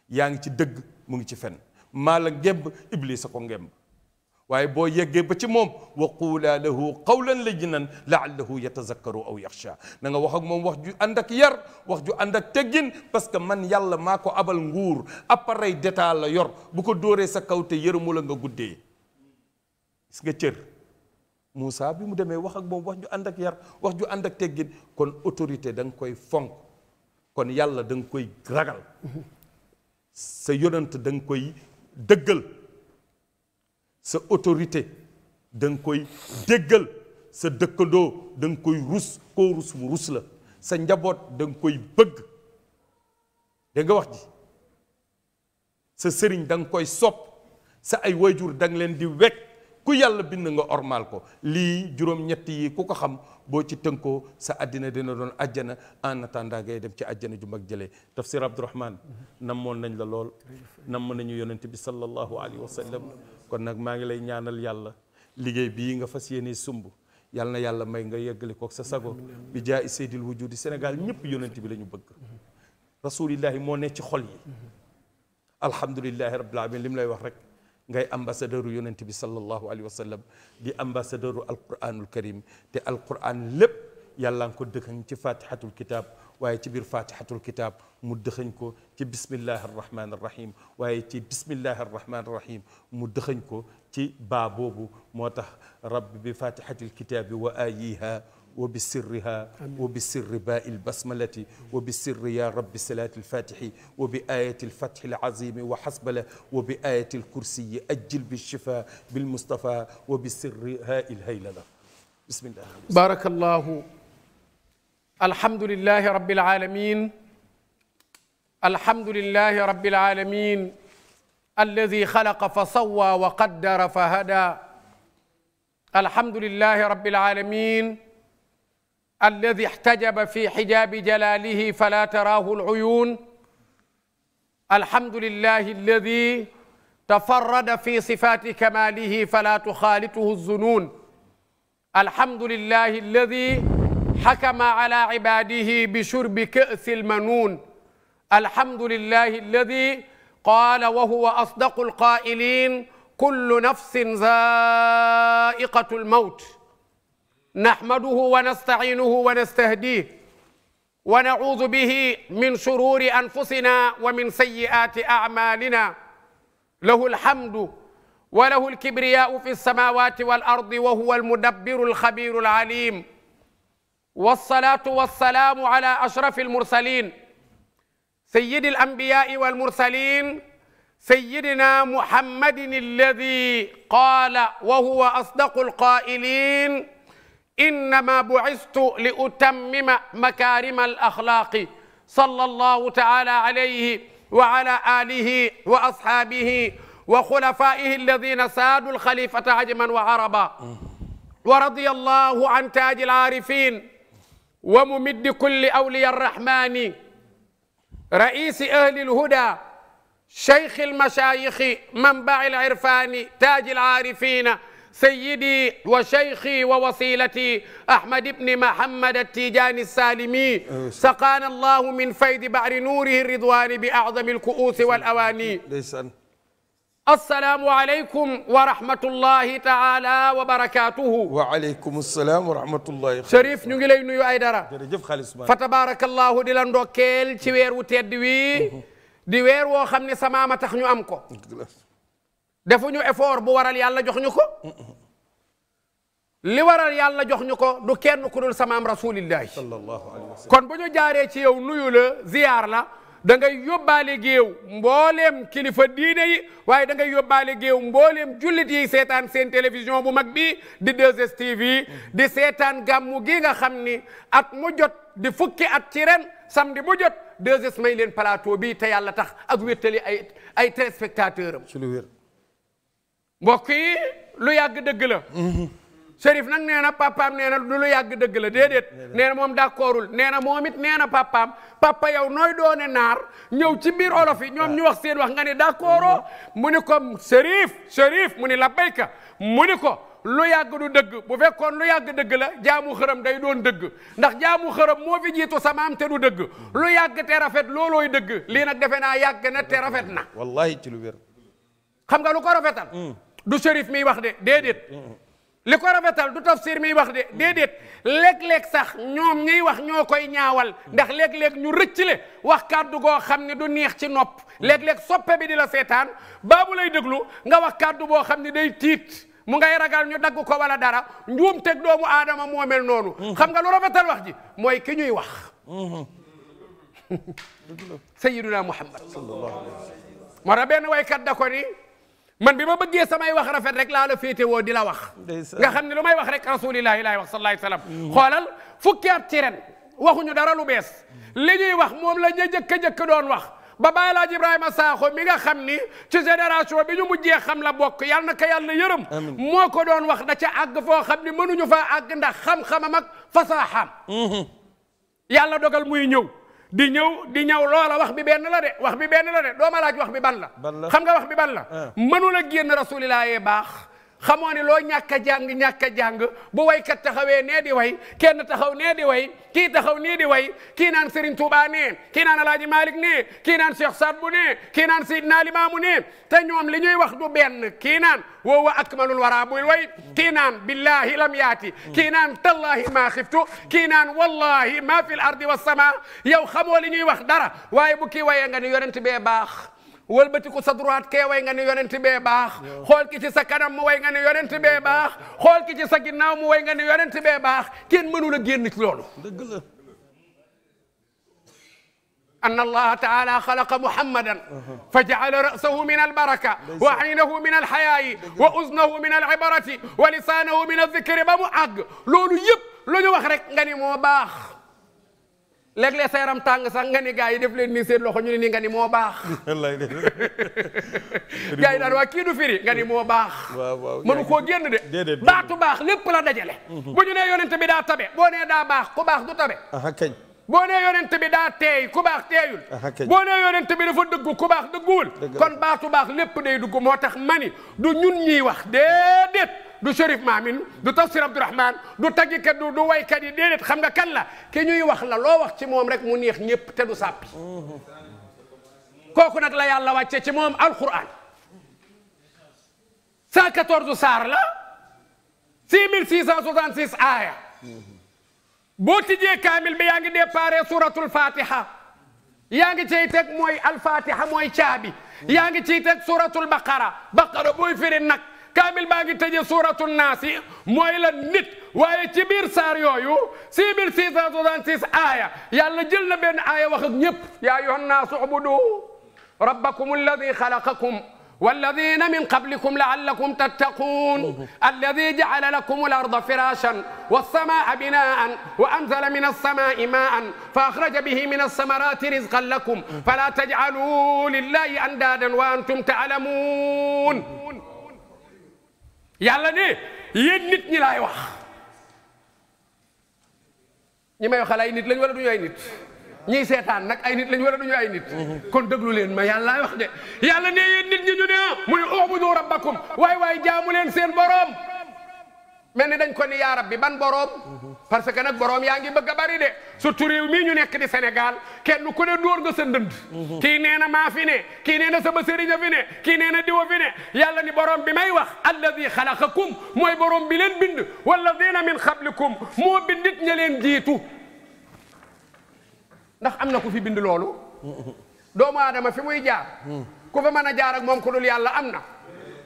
yaa ngi ci dëgg mu ngi ci fen maa la ngemb Iblis a ko ngemb waaye boo yeggee ba ci moom wa la lahu qawlan layyinan laallahu yatazakkaru aw yaxsha na nga wax ak moom wax ju ànd ak yar wax ju ànd ak teggin parce que man yàlla maa ko abal nguur appareil d'état la yor bu ko dóoree sa kaw te yërëmu la nga guddee gis nga cër Moussa bi mu demee wax ak moom wax ju ànd ak yar wax ju ànd ak teggin kon autorité da nga koy fonk kon yàlla danga koy ragal sa yonant da koy dëggal sa autorité da koy déggal sa dëkkandoo danga koy rus koo rus mu rus la sa njaboot danga koy bëgg dégg nga wax ji sa sëriñ danga koy sopp sa ay wayjur da leen di wekk ku yàlla bind nga ormaal ko lii juróom-ñett yi ku ko xam boo ci tënkoo sa àddina dina doon ajjana en attendant ngay dem ci ajjana ju mag jëlee tafsir abdourahman namoon nañ la lool namm nañu yonent bi sallallahu alayhi wa sallam kon nag maa ngi lay ñaanal yàlla liggéey bii nga fas yéene sumb yàlla na yàlla may nga yeggali koog sa sago bi jaay seydil wujudi Sénégal ñëpp yonent bi la ñu bëgg rasulillahi moo ne ci xol yi alhamdulillahi rabbil alamin li mu lay wax rek ngay ambassadeur yonent bi sallallahu alayhi wa sallam di ambassadeur alquranul karim te alquran lépp yàlla nga ko dëxañ ci fatihatul kitab waaye ci biir fatihatul kitab mu dëxañ ko ci bismillahi arrahmani arrahim waaye ci bismillahi arrahmani arrahim mu dëxañ ko ci baa moo tax rabbi bi fatihatil kitabi wa ayiha wa bi sirriha wa bi sirri baa'i lbasmalati wa bi sirri ya rabbi salaati lfatixi wa bi ayati lfatxi alazimi wa xasbala wa bi ayati lkursiyi ajjil bilshifa bilmustafa wa bi sirri haai lhaylala bismillah baarakallahu alhamdulilahi rabbil alamin alhamdulilahi rabbil alamin الذي خلق فصوى وقدر فهدى الحمد لله رب العالمين الذي احتجب في حجاب جلاله فلا تراه العيون الحمد لله الذي تفرد في صفات كماله فلا تخالطه الظنون الحمد لله الذي حكم على عباده بشرب كأس المنون الحمد لله الذي قال وهو أصدق القائلين كل نفس ذائقة الموت نحمده ونستعينه ونستهديه ونعوذ به من شرور أنفسنا ومن سيئات أعمالنا له الحمد وله الكبرياء في السماوات والأرض وهو المدبر الخبير العليم والصلاة والسلام على أشرف المرسلين سيد الأنبياء والمرسلين سيدنا محمد الذي قال وهو أصدق القائلين innama bu'istu li utammima makarima al axlaaqi sallallahu taala alayhi wa ala alihi wa ashaabihi wa xulafaihi alladina saadu alxalifata ajman wa araba wa radiya allahu an taaji alaarifin wa mumiddi kulli awliya arrahmani raisi ahli alhuda cheikh almashayikhi manbai alirfani taaji alaarifina سيدي وشيخي ووصيلتي أحمد بن محمد التيجاني السالمي سقانا الله من فيض بحر نوره الرضوان بأعظم الكؤوس والأواني السلام عليكم ورحمة الله تعالى وبركاته وعليكم السلام ورحمة الله شريف ñu ngi lay nuyu ay dara jërëjëf xaalis fa tabarakallahu di la ndokkeel ci weer wu tedd wi di weer woo xam ne sa maama tax ñu am ko defuñu effort bu waral yàlla jox ñu ko waral yàlla jox ñu ko du kenn ku dul samaam rasulillahi kon bu ñu jaaree ci yow nuyu la ziyaar la da ngay yóbbaale géew mbooleem kilifa diine yi waaye da ngay yóbbaale géew mbooleem jullit yi seetaan seen télévision bu mag bii di 2STV di seetaan gàmmu gi nga xam ni at mu jot di fukki at ci ren samedi bu jot 2S may leen plateau bi te yàlla tax ak wéttali ay ay téléspectateur am mbokk yi lu yàgg dëgg la. Serif mhm. nag nee na papaam nee lu yàgg dëgg la déedéet. nee na moom d'accordul nee na moom it nee na papaam papa yow nooy doone naar ñëw ci biir olof yi ñoom ñu wax seen wax nga ne d'accordoo mhm. mu ni ko Serif Serif mu ni la béykat mu ni ko. lu yàgg du dëgg bu fekkoon lu yàgg dëgg la jaamu xërëm day doon dëgg ndax jaamu xërëm moo fi jiitu samaam te du dëgg lu yàgg te rafet loolooy dëgg lii nag defe naa yàgg na te rafet na. wallaahi ci lu wér. xam nga lu ko rafetal. Mm. du shérif miy wax de déedéet li ko rafetal du tafsir miy wax de déedéet léeg-léeg sax ñoom ñiy wax ñoo koy ñaawal ndax léeg-léeg ñu rëccile wax kàddu goo xam ne du neex ci nopp léeg-léeg soppe bi di la seetaan baabu lay déglu nga wax kàddu boo xam ne day tiit mu ngay ragal ñu dagg ko wala dara njuum teg doomu aadama moo mel noonu xam nga lu rafetal wax ji mooy ki ñuy wax sayyiduna muhammad moo tax benn waykat ko ni man bi ma bëggee samay wax rafet rek laa la féetewoo di la wax nga xam ne lu may wax rek rasulillahi lay wax sallallahu alayhi wa sallam xoolal fukki at ci ren waxuñu dara lu bees li ñuy wax moom la ñu jëkk a jëkk doon wax ba Baay Laaj Ibrahima Sakho mi nga xam ni ci génération bi ñu jee xam la bokk yal na ko yàlla yërëm moo ko doon wax da ca àgg foo xam ni mënuñu faa àgg ndax xam-xamam ak fasaaxaam mm-hmm. yàlla dogal muy ñëw di ñëw di ñëw loola wax bi benn la de wax bi benn la de doo ma laaj wax bi ban la. ban la xam nga wax bi ban la. Ah. mënu la génn rasulillah yee baax. xamoo ne loo ñàkk a jàng ñàkk a jàng bu waykat taxawee nee di way kenn taxaw nee di way kii taxaw nii di way kii naan Serigne Touba nee kii naan Alaaji Malick nee kii naan Cheikh Saad bu nee kii naan Seydina Limaamu nee te ñoom li ñuy wax du benn kii naan woowa akmalul wara buy way ki naan billahi lam yaati ki naan tallahi maa xiftu kii naan wallahi maa fi l wa sama yow xamoo li ñuy wax dara waaye bu kii wayee nga ni yonent bee baax wëlbati ko sa droite kee way nga ne yonent bee baax xool ki ci sa kanam mu way nga ne yonent bee baax xool ki ci sa ginnaaw mu way nga ne yonent bee baax kenn mënul a génn ci loolu dëgg la أن الله تعالى خلق محمدا فجعل رأسه من البركة وعينه من الحياء وأذنه من العبرة ولسانه من الذكر ba mu àgg loolu yëpp lu ñu wax rek nga ni moo baax léeg-léeg sa yaram tàng sax nga ni gars yi def leen nii seen loxo ñu ni nii nga ni moo baax. gars yi daal waa kii du firi nga ni moo baax. mënu koo génn de. baatu baax lépp la dajale. Mhm. bu ñu nee yonent bi daa tabe boo nee daa baax ku baax du tabe. kañ. boo nee yonent bi daa teey ku baax teeyul boo nee yonent bi dafa dëggu ku baax dëgguwul kon baatu baax lépp day dugg moo tax mani du ñun ñiy wax déedéet du Cherif Mamin du Tafsir Abdourahman du taggikat du du waykat yi déedéet xam nga kan la ki ñuy wax la loo wax ci moom rek mu neex ñëpp te du sàppi kooku nag la yàlla wàcce ci moom alquran 114 saar la 6666 aaya boo tijjee kaamil bi yaa ngi déparé suratul fatiha yaa ngi ciy teg mooy alfatiha mooy caabi yaa ngi ciy teg suratul baqara baqara booy firi nag kaamil baa ngi tëje suuratu naasi mooy la nit waaye ci biir saar yooyu 6666 aaya yàlla jël na benn aaya wax ak ñëpp yaa ayyuhan naasu ubudu rabbakum alladi xalaqakum والذين من قبلكم لعلكم تتقون الذي جعل لكم الأرض فراشا والسماء بناء وأنزل من السماء ماء فأخرج به من الثمرات رزقا لكم فلا تجعلوا لله أندادا وأنتم تعلمون yàlla ne yéen nit ñi laay wax ñi may ay nit lañ wala du ñu ay nit ñiy seetaan nag ay nit lañ wala du ñu ay nit kon déglu leen ma yàlla laay wax de yàlla ne yéen nit ñi ñu ne ah muy ubudu rabbakum waay waay jaamu leen seen borom. mel ni dañ ko ni yaa rabbi ban boroom parce que nag boroom yaa ngi bëgg a bari de surtout réew mii ñu nekk di senegal kenn ku ne dóor nga sa ndënd kii nee na maa fi ne kii nee na sama sëriñ a ne kii nee na diwa fi ne yàlla ni boroom bi may wax alladi xalaqakum mooy boroom bi leen bind walladina min qablikum moo bindit ña leen jiitu ndax am na ku fi bind loolu doomu aadama fi muy jaar ku fa mën a jaar ak moom ku dul yàlla am na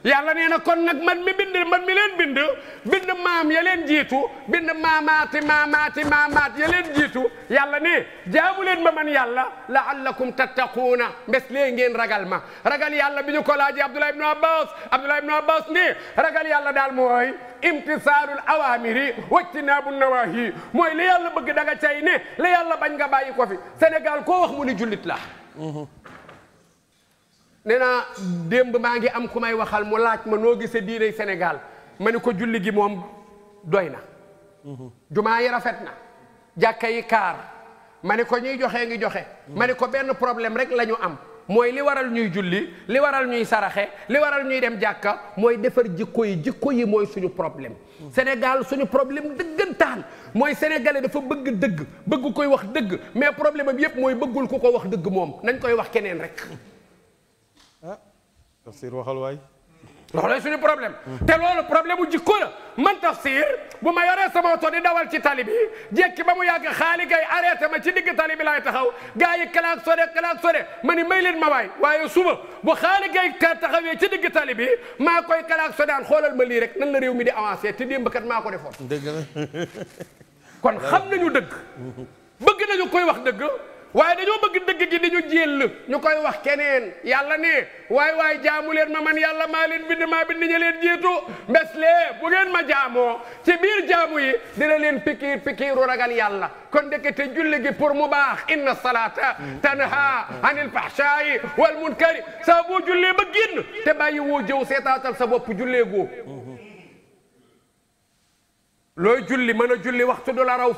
yàlla nee na kon nag man mi bind man mi leen bind bind maam ya leen jiitu bind maamaati maamaati maamaat ya leen jiitu yàlla ne jaamu leen ma man yàlla laallakum tattaquuna mbes lee ngeen ragal ma ragal yàlla bi ñu ko laajee Abdullah ibnu Abbas Abdullah ibnu Abbas ne ragal yàlla daal mooy imtisaalul awaamiri wajtinaabu nawaahi mooy li yàlla bëgg da nga cay ne la yàlla bañ nga bàyyi ko fi Sénégal koo wax mu ni jullit la mm-hmm. nee naa démb maa ngi am ku may waxal mu laaj ma noo gisee diiney Sénégal ma ni ko julli gi moom doy na jumaa yi rafet na jàkka yi kaar ma ni ko ñuy joxe ngi joxe ma ni ko benn problème rek la ñu am mooy li waral ñuy julli li waral ñuy saraxe li waral ñuy dem jàkka mooy defar jikko yi jikko yi mooy suñu problème Sénégal suñu problème dëggantaan mooy sénégalais dafa bëgg dëgg bëgg koy wax dëgg mais problème am yépp mooy bëggul ku ko wax dëgg moom nañ koy wax keneen rek ah tafsir waxal waay. loolu la suñu problème te loolu problème bu jikko la man tafsir bu ma yoree sama oto di dawal ci tali bi jekki ba mu yàgg xaali gay arrêté ma ci digg tali bi laay taxaw gars yi klaxonné klaxonné ma ni may leen ma waay waaye suba bu xaali gay ka taxawee ci digg tali bi maa koy klaxonné aan xoolal ma lii rek nan la réew mi di avancé te démb kat maa ko defoon. dëgg kon xam nañu dëgg bëgg nañu koy wax dëgg. waaye dañoo bëgg dëgg gi di ñu jéll ñu koy wax keneen yàlla ne waay waay jaamu leen ma man yàlla maa leen bind maa bind ña leen jiitu mbes lee bu ngeen ma jaamoo ci biir jaamu yi dina leen pikiir pikiiru ragal yàlla kon ndekete julli gi pour mu baax inna salaata tanha anil fahshaayi wal munkari saa boo jullee ba génn te bàyyi woo sa bopp jullee goo looy julli mën a julli waxtu du la raw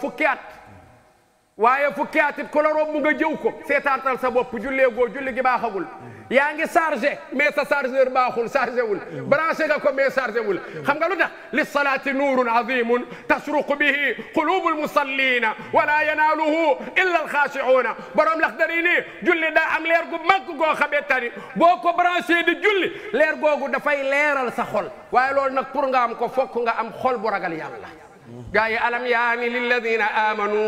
waaye fukki atit ku la romb nga jëw ko seetaatal sa bopp julleegoo julli gi baaxagul yaa ngi chargé mais sa chargeur baaxul chargé wul branché nga ko mais chargé wul xam nga lu tax li salaati nuurun azimun tashruqu bihi qulubul musallina wala yanaaluhu illa alxaashiuuna borom lax dari nii julli daa am leer gu mag goo xamee tani boo ko branché di julli leer googu dafay leeral sa xol waaye loolu nag pour nga am ko fokk nga am xol bu ragal yàlla gaa yi alam yaani lilladina amanu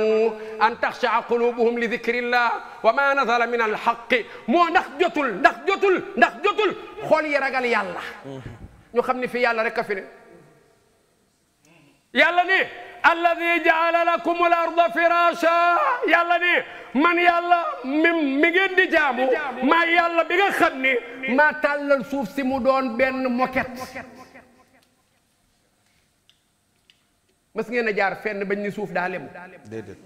an taxshaa qulubuhum li dikrillah wa ma nazala min alxaqi moo ndax jotul ndax jotul ndax jotul xool yi ragal yàlla ñu xam ne fii yàlla rek a fi ne yàlla ne alladi jaala lakum al arda firasha yàlla ne man yàlla mi mi ngeen di jaamu maa yàlla bi nga xam ne maa tàllal suuf si mu doon benn moket mës ngeen a jaar fenn bañ ni suuf daa lemu déedéet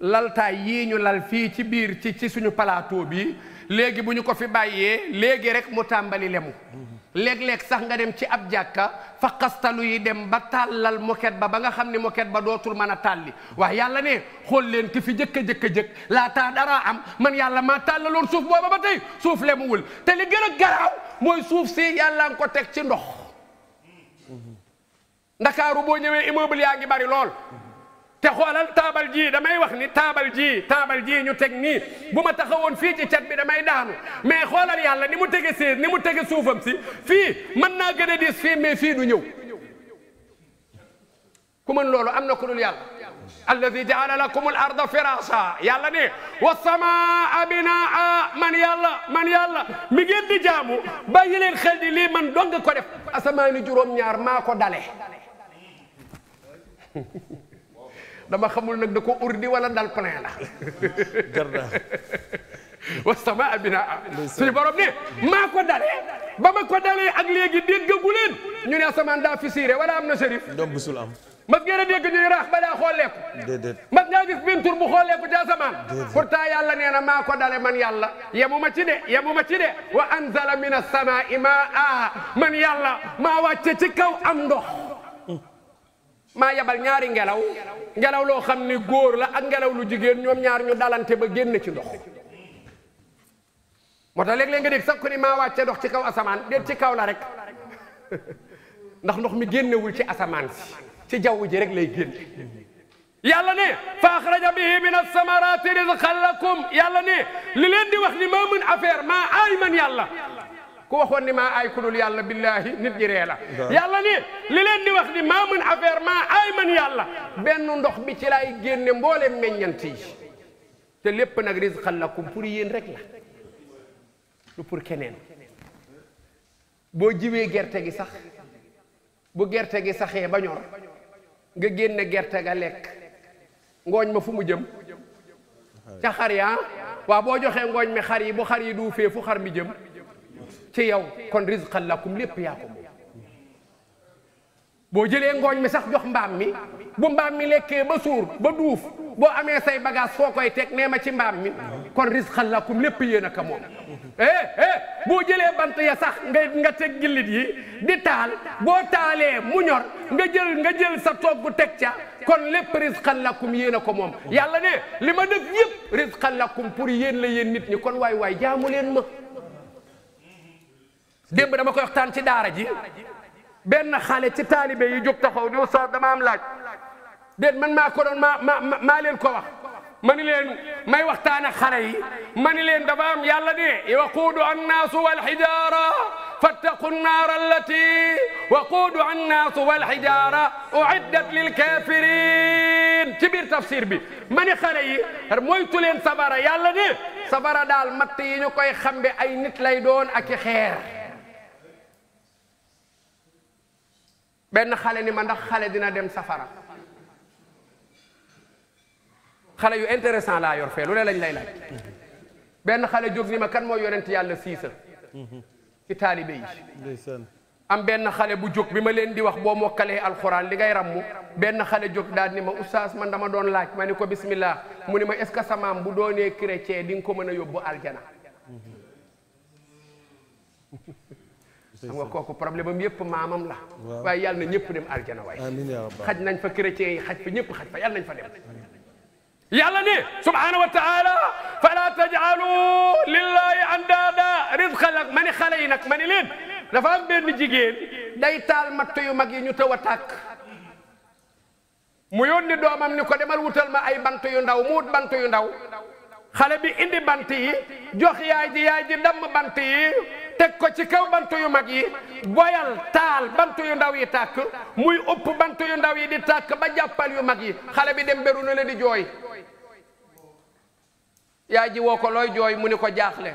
laltaay yii ñu lal fii ci biir ci ci suñu palaatoo bi léegi bu ñu ko fi bàyyee léegi rek mu tàmbali lemu léeg-léeg sax nga dem ci ab jàkka fa xastalu yi dem ba tàllal moket ba ba nga xam ne moket ba dootul mën a tàlli waa yàlla ne xool leen ki fi jëkk a jëkk a jëkk laataa dara am man yàlla maa tàllaloon suuf booba ba tey suuf lemuwul te li gën garaaw mooy suuf si yàlla nga ko teg ci ndox ndakaaru boo ñëwee immeuble yaa ngi bari lool te xoolal taabal ji damay wax ni taabal ji taabal ji ñu teg nii bu ma taxawoon fii ci cat bi damay daanu mais xoolal yàlla ni mu tege sées ni mu tege suufam si fii mën naa gën a diis fii mais fii du ñëw ku mën loolu am na ku dul yàlla alladi jaala lakum al arda firasha yàlla ne wa samaa binaa man yàlla man yàlla mi ngeen di jaamu bàyyi leen xel di lii man dong ko def asamaani juróom-ñaar maa ko dale dama xamul nag da ko urdi wala dal plein la garda binaa suñu borom ne maa ba ma ko dalee ak léegi déggagu leen ñu ne asamaan daa fisiire wala am na sérif doom busul am mas ngeen a dégg ñuy raax ba daa xooleeku déedéet mas ngaa gis bu xooleeku te asamaan pourtant yàlla nee na maa ko dale man yàlla yemuma ci de ma ci de wa anzala min as-samaa'i maa'an man yàlla maa wàcce ci kaw am ndox maa yabal ñaari ngelaw ngelaw loo xam ne góor la ak ngelaw lu jigéen ñoom ñaar ñu dalante ba génn ci ndox moo tax léeg-léeg nga dégg ndox ci kaw asamaan déet ci kaw la rek ndax ndox mi génnewul ci asamaan si ci jaww ji rek lay génn yàlla ne fa axraja bihi min asamaraati rizqan lakum yàlla ne li leen di wax ni maa mën maa aay man yàlla ku waxoon ni maa ay kudul yàlla billaahi nit ñi ree la yàlla ni li leen di wax ni maa mën affaire maa aay man yàlla benn ndox bi ci laay génne mboolem meññant yi te lépp nag rizqan lakum pour yéen rek la lu pour keneen boo jiwee gerte gi sax bu gerte gi saxee ba ñor nga génne gerte ga lekk ngooñ ma fu mu jëm ca xar yaa waaw boo joxee ngooñ mi xar yi bu xar yi duufee fu xar mi jëm ci yow kon rizqan lakum lépp yaa ko moom boo jëlee ngooñ mi sax jox mbaam mi bu mbaam mi lekkee ba suur ba duuf boo amee say bagage foo koy teg nee ma ci mbaam mi kon rizqan lakum lépp yéen a ko moom eh eh boo jëlee bant ya sax nga nga teg gillit yi di taal boo taalee mu ñor nga jël nga jël sa toog togg teg ca kon lépp rizqan lakum yéen ko moom yàlla ne li ma def yëpp rizqan lakum pour yéen la yéen nit ñi kon waay waay jaamu ma démb dama koy waxtaan ci daara ji benn xale ci taalibe yi jóg taxaw ne oustaz dama am laaj déet man maa ko doon maa leen ko wax ma ni leen may waxtaan ak xale yi ma ni leen dafa am yàlla ne waquudu annaasu a fattaqu nnaar allati waquudu annaasu walxijaara uiddat lilkafirin ci biir tafsir bi ma ni xale yi er, moytu leen sabara yàlla ne sabara daal matt yi ñu koy xambe ay nit lay doon ak i xeer benn xale ni ma ndax xale dina dem safara xale yu intéressant laa yor fee lu ne lañ lay laaj benn xale jóg ni ma kan moo yorant yàlla siisa ci taalibe am benn xale bu jóg bi ma leen di wax boo mokkalee alxuraan li ngay ràmmu benn xale jóg daal ni ma oustaz man dama doon laaj ma ni ko bismillah mu ni ma est-ce que sa bu doonee chrétien di nga ko mën a yóbbu aljana xam nga kooku problème yëpp maamam la waaye na ñëpp dem aljana waay nañ fa chrétien yi xaj fa ñëpp xaj fa fala taj'alu lillahi andada rizqa lak ma ne xale yi nag ma ne leen dafa am jigéen day taal matt yu mag yi ñu taw a tàkk mu yónni doomam ni ko demal wutal ma ay bant yu ndaw mu wut bant yu ndaw xale bi indi bant yi yaay ji yaay ji damm bant yi teg ko ci kaw bant yu mag yi boyal taal bant yu ndaw yi tàkk muy upp bant yu ndaw yi di tàkk ba jàppal yu mag yi xale bi dem beru na la di jooy yaay ji woo ko looy jooy mu ni ko jaaxle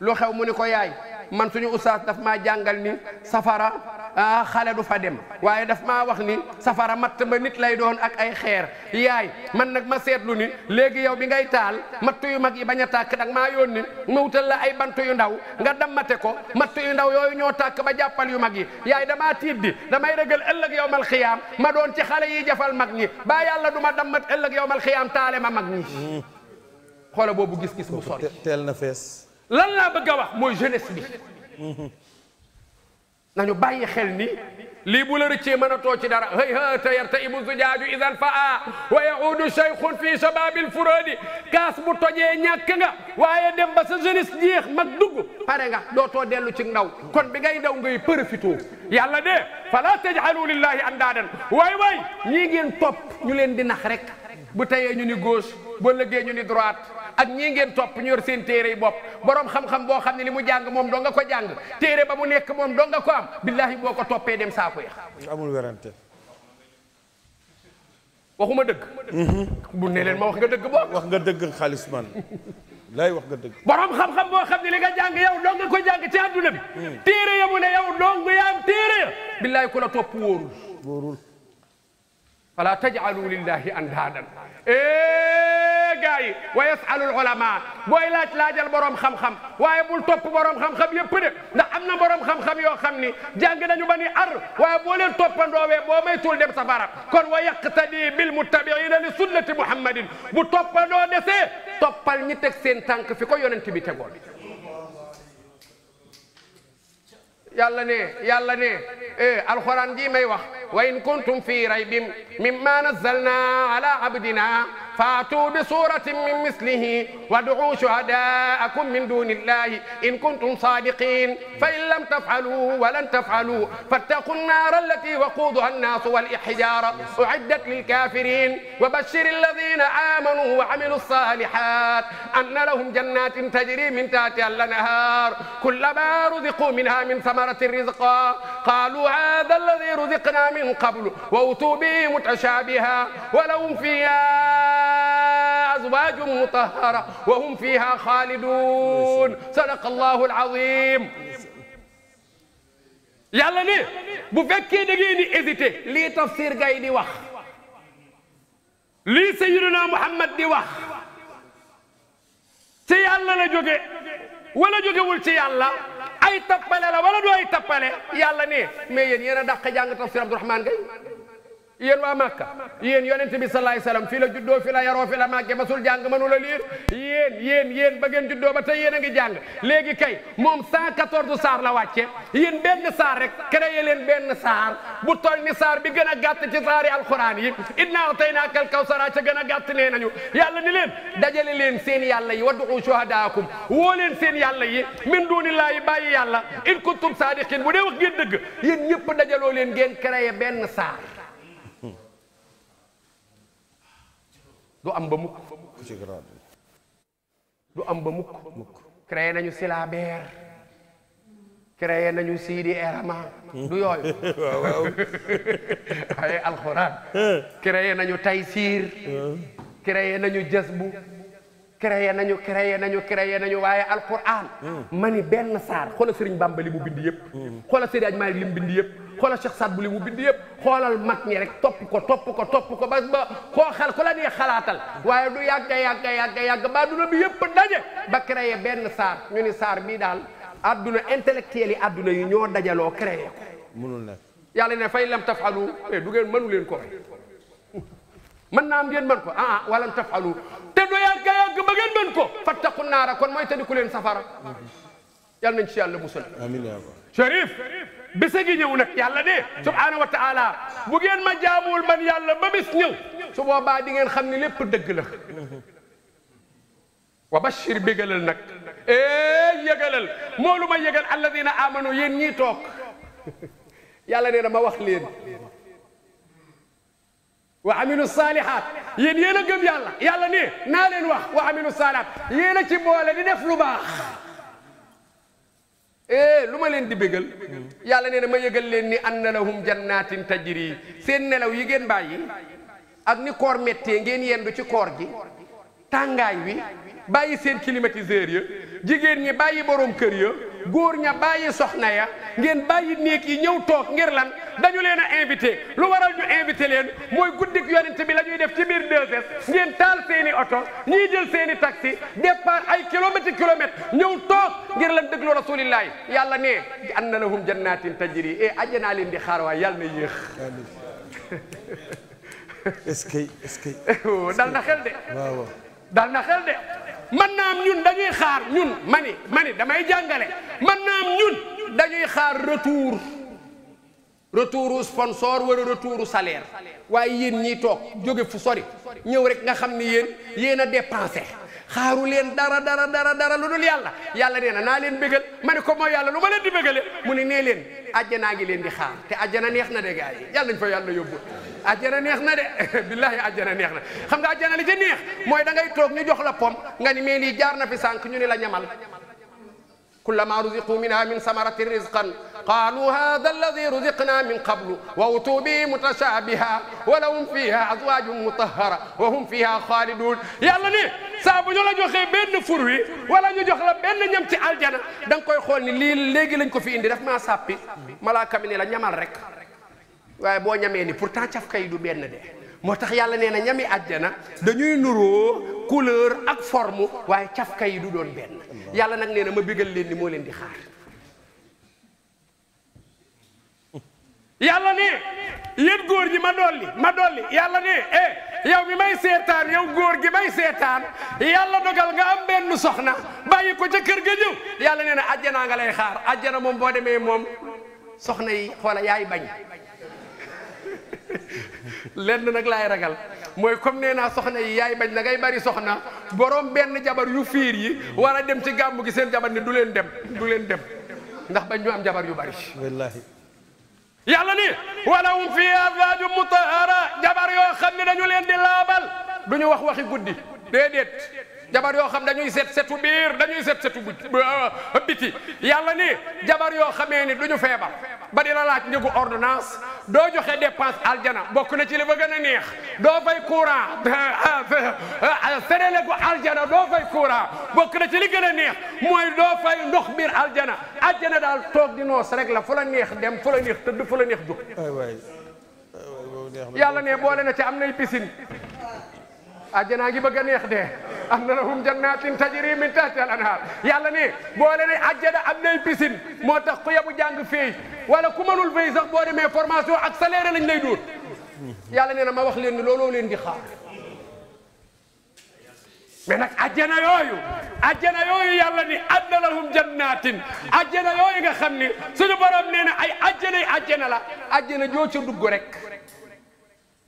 lu xew mu ni ko yaay man suñu ustaas daf ma jàngal ni safara ah xale du fa dem waaye daf ma wax ni safara matt ba nit lay doon ak ay xeer yaay man nag ma seetlu ni léegi yow bi ngay taal matt yu mag yi bañ a tàkk dag maa yónni ma wutal la ay bant yu ndaw nga dammate ko matt yu ndaw yooyu ñoo tàkk ba jàppal yu mag yi yaay damaa tiit di damay ragal ëllëg yow mal xiyaam ma doon ci xale yi jafal mag ni ba yàlla du ma dammat ëllëg yow mal xiyaam taale ma mag ñi xoola boobu gis-gis bu sori teel na fees lan laa bëgg a wax mooy jeunesse nañu bàyyi xel ni lii bu la rëccee mën a too ci dara hëy hëta yarta ibu zujaaju idan faa wa yaudu cheikhun fii shababil furadi kaas bu tojee ñàkk nga waaye dem ba sa jeunesse jeex mag dugg pare nga dootoo dellu ci ndaw kon bi ngay daw ngay profité yàlla de fala taj'alu lillahi andaadan waay waay ñii ngeen topp ñu leen di nax rek bu tayee ñu ni gauche bu lëggee ñu ni droite ak ñii ngeen topp ñu yor seen téere yi bopp borom xam-xam boo xam ne li mu jàng moom doo nga ko jàng téere ba mu nekk moom doo nga ko am billahi boo ko toppee dem saako ya amul werante waxuma dëgg. Mm-hmm. bu ne leen ma wax nga dëgg boo. wax nga dëgg xaalis man laay wax nga dëgg. borom xam-xam boo xam ne li nga jàng yow dong ko jàng ci àdduna bi. Mm. téere ya mu ne yow dong yaa am téere ya. billaay ku la topp wóorul. wóorul. fala tajalu lillahi andaadan. Eh! gaa yi wa yasalul ulama booy laaj laajal borom xam-xam waaye bul topp borom xam-xam yépp de ndax am na borom xam-xam yoo xam ni jàng nañu ba ni ar waaye boo leen toppandoowee boo may tul dem safara kon wa yaqtadi bil muttabiina li sunnati muhammadin bu toppandoo desee toppal ñi teg seen tànk fi ko yonent bi tegoon yàlla ne yàlla ne eh alxuraan ji may wax wa in kuntum fi raybin mimma nazzalna ala abdina فاتوا بصورة من مثله وادعوا شهداءكم من دون الله إن كنتم صادقين فإن لم تفعلوا ولن تفعلوا فاتقوا النار التي وقودها الناس والحجارة أعدت للكافرين وبشر الذين آمنوا وعملوا الصالحات أن لهم جنات تجري من تحتها الأنهار كلما رزقوا منها من ثمرة رزقا قالوا هذا الذي رزقنا من قبل وأوتوا به متشابها ولهم فيها أزواج مطهرة وهم فيها خالدون صدق bu fekkee da ngeen di hésité lii tafsir gay di wax lii sayyiduna Muhammad di wax ci yàlla la jóge wala ci yàlla ay tappale la wala du ay tappale yàlla ne mais yéen yéen a dàq jàng tafsir Abdourahmane Gaye yéen waa Màkka yéen yonent bi salaay salaam fi la juddoo fi la yaroo fi la màggee masul jàng mënu la liir yéen yéen yéen ba ngeen juddoo ba tey yéen a ngi jàng léegi kay moom 114 saar la wàcce yéen benn saar rek créé leen benn saar bu toll ni saar bi gën a gàtt ci saari alxuraan yi innaa ataynaaka al kawsara ca gën a gàtt nee nañu yàlla ni leen dajale leen seen yàlla yi wad'u shuhadaakum woo leen seen yàlla yi min duunillaahi bàyyi yàlla in kuntum saadiqin bu dee wax ngeen dëgg yéen ñëpp dajaloo leen ngeen créé benn saar du am ba mukk du am ba mukk créé nañu Silabeer créé nañu Sidi Erama du yooyu waaw waaye alxuraan créé nañu Taysiir créé nañu Jasbu créé nañu créé nañu créé nañu waaye alquran hmm. ma ni benn saar xoola sëriñ Bamba li mu bind yëpp hmm. xoola sëriñ Aj Maalik li mu bind yëpp xoola Cheikh Saad Bu li mu bind yëpp xoolal mag ñi rek topp ko topp ko topp ko ba ba koo xel la nee xalaatal waaye du yàgga yàgga yàgga yàgg ba duna bi yëpp daje ba créé benn saar ñu ni saar bii daal adduna intellectuel yi adduna yi ñoo dajaloo créé ko mënul nekk yàlla ne fay la tafalu eh, du ngeen mënu leen ko mën naa am ngeen ko ah ah te du yàgg yàgg ba ngeen mën ko fattaqu naara kon mooy ku leen safara yàlla nañ ci yàlla musal amiin Chérif bise gi ñëw nag yàlla de subhaanahu wa taala bu ngeen ma jaamuwul man yàlla ba bis ñëw su boobaa di ngeen xam ni lépp dëgg la wa bashir bégalal nag eh yëgalal moolu ma yëgal alladina amanu yéen ñii toog nee na ma wax leen wa amilu saalihaat yéen yéen a gëm yàlla yàlla ne naa leen wax wa amilu saalihaat yéen a ci boole di def lu baax eh lu ma leen di bégal yàlla nee na ma yëgal leen ni anna lahum jannatin tajri seen nelaw yi ngeen bàyyi ak ni koor méttee ngeen yendu ci koor gi tàngaay wi bàyyi seen climatiseur ya jigéen ñi bàyyi borom kër ya góor ña bàyyi soxna ya ngeen bàyyi néeg yi ñëw toog ngir lan dañu leen invité lu wara ñu invité leen mooy guddik yonent bi la ñuy def ci biir 2S ngeen taal seeni oto ñii jël seeni taxi départ ay kilomètres kilomètres ñëw toog ngir lan déglu rasulillahi yàlla ne anna lahum jannatin tajri e eh, ajjanaa leen di xaar waay yàlla na yéex est-ce que est-ce que oh, dal na xel de waaw dal na xel de man naam ñun dañuy xaar ñun mani mani damay jàngale man naam ñun dañuy xaar retour retouru sponsor wala retouru salaire waaye yéen ñiy toog jóge fu sori ñëw rek nga xam ni yéen yéen a dépensé xaaru leen dara dara dara dara lu dul yàlla yàlla nee naa leen bégal ma ne ko mooy yàlla lu ma leen di bégale mu ne nee leen àjjanaa ngi leen di xaar te àjjana neex na de gaay yi yàlla nañ fa yàlla yóbbu ajjana neex na de billahi ajjana neex na xam nga ajjana li ci mooy da ngay toog ñu jox la pom nga ni mais lii jaar na fi sànq ñu ni la ñamal kullama ruziqu minha min samaratin rizqan qaalu hada alladi ruziqna min qablu wa utuu bi mutashabiha wa lahum fiha azwajun mutahara wa hum fiha xaalidun yàlla ne saa bu ñu la joxee benn fur wi wala ñu jox la benn ñam ci aljana da nga koy xool ni lii léegi lañ ko fi indi daf maa sàppi malaaka mi ne la ñamal rek waaye boo ñamee ni pour pourtant cafka yi du benn de moo tax yàlla nee na ñami àjjana dañuy nuroo couleur ak formu waaye cafka yi du doon benn yàlla nag nee ma bégal leen ni moo leen di xaar yàlla ne yéen góor ñi ma dolli ma dolli yàlla ne eh yow may seetaan yow góor gi may seetaan yàlla dogal nga am benn soxna bàyyi ko ca kër ga ñëw yàlla nee na àjjana nga lay xaar àjjana moom boo demee moom soxna yi xoola yaay bañ lenn nag laay ragal mooy comme nee naa soxna yi yaay bañ na ngay bari soxna borom benn jabar yu fiir yi war a dem ci gàmmu gi seen jabar ne du leen dem du leen dem ndax bañ ñu am jabar yu bari wallaahi yàlla ni walahum fi azwaajum mutahhara jabar yoo xam ni dañu leen di laabal du ñu wax waxi guddi déedéet jabar yoo xam dañuy set setu biir dañuy set setu biti yàlla ni jabar yoo xamee ni du ba di la laaj njëgu ordonnance doo joxe dépense aljana bokk na ci li ba gën a neex doo fay courant ah, ah, sénéleku aljana doo fay courant bokk na ci li gën a neex mooy doo fay ndox biir aljana aljana daal toog di noos rek la fu la neex dem fu la neex tëdd fu la neex jóg yàlla ne boole na ci am nay piscine àjjanaa ngi bëgg a neex de am lahum jannatin tajri min tahtiha al anhar yàlla ne boo le ne àjjana nay piscine moo tax ku yebu jàng feey wala ku mënul feey sax boo demee formation ak salaire lañ lay dóor yàlla nee ma wax leen ni looloo leen di xaar mais nag àjjana yooyu àjjana yooyu yàlla ni adna lahum jannatin àjjana yooyu nga xam ni suñu borom nee na ay àjjana yi àjjana la àjjana joo ca dugg rek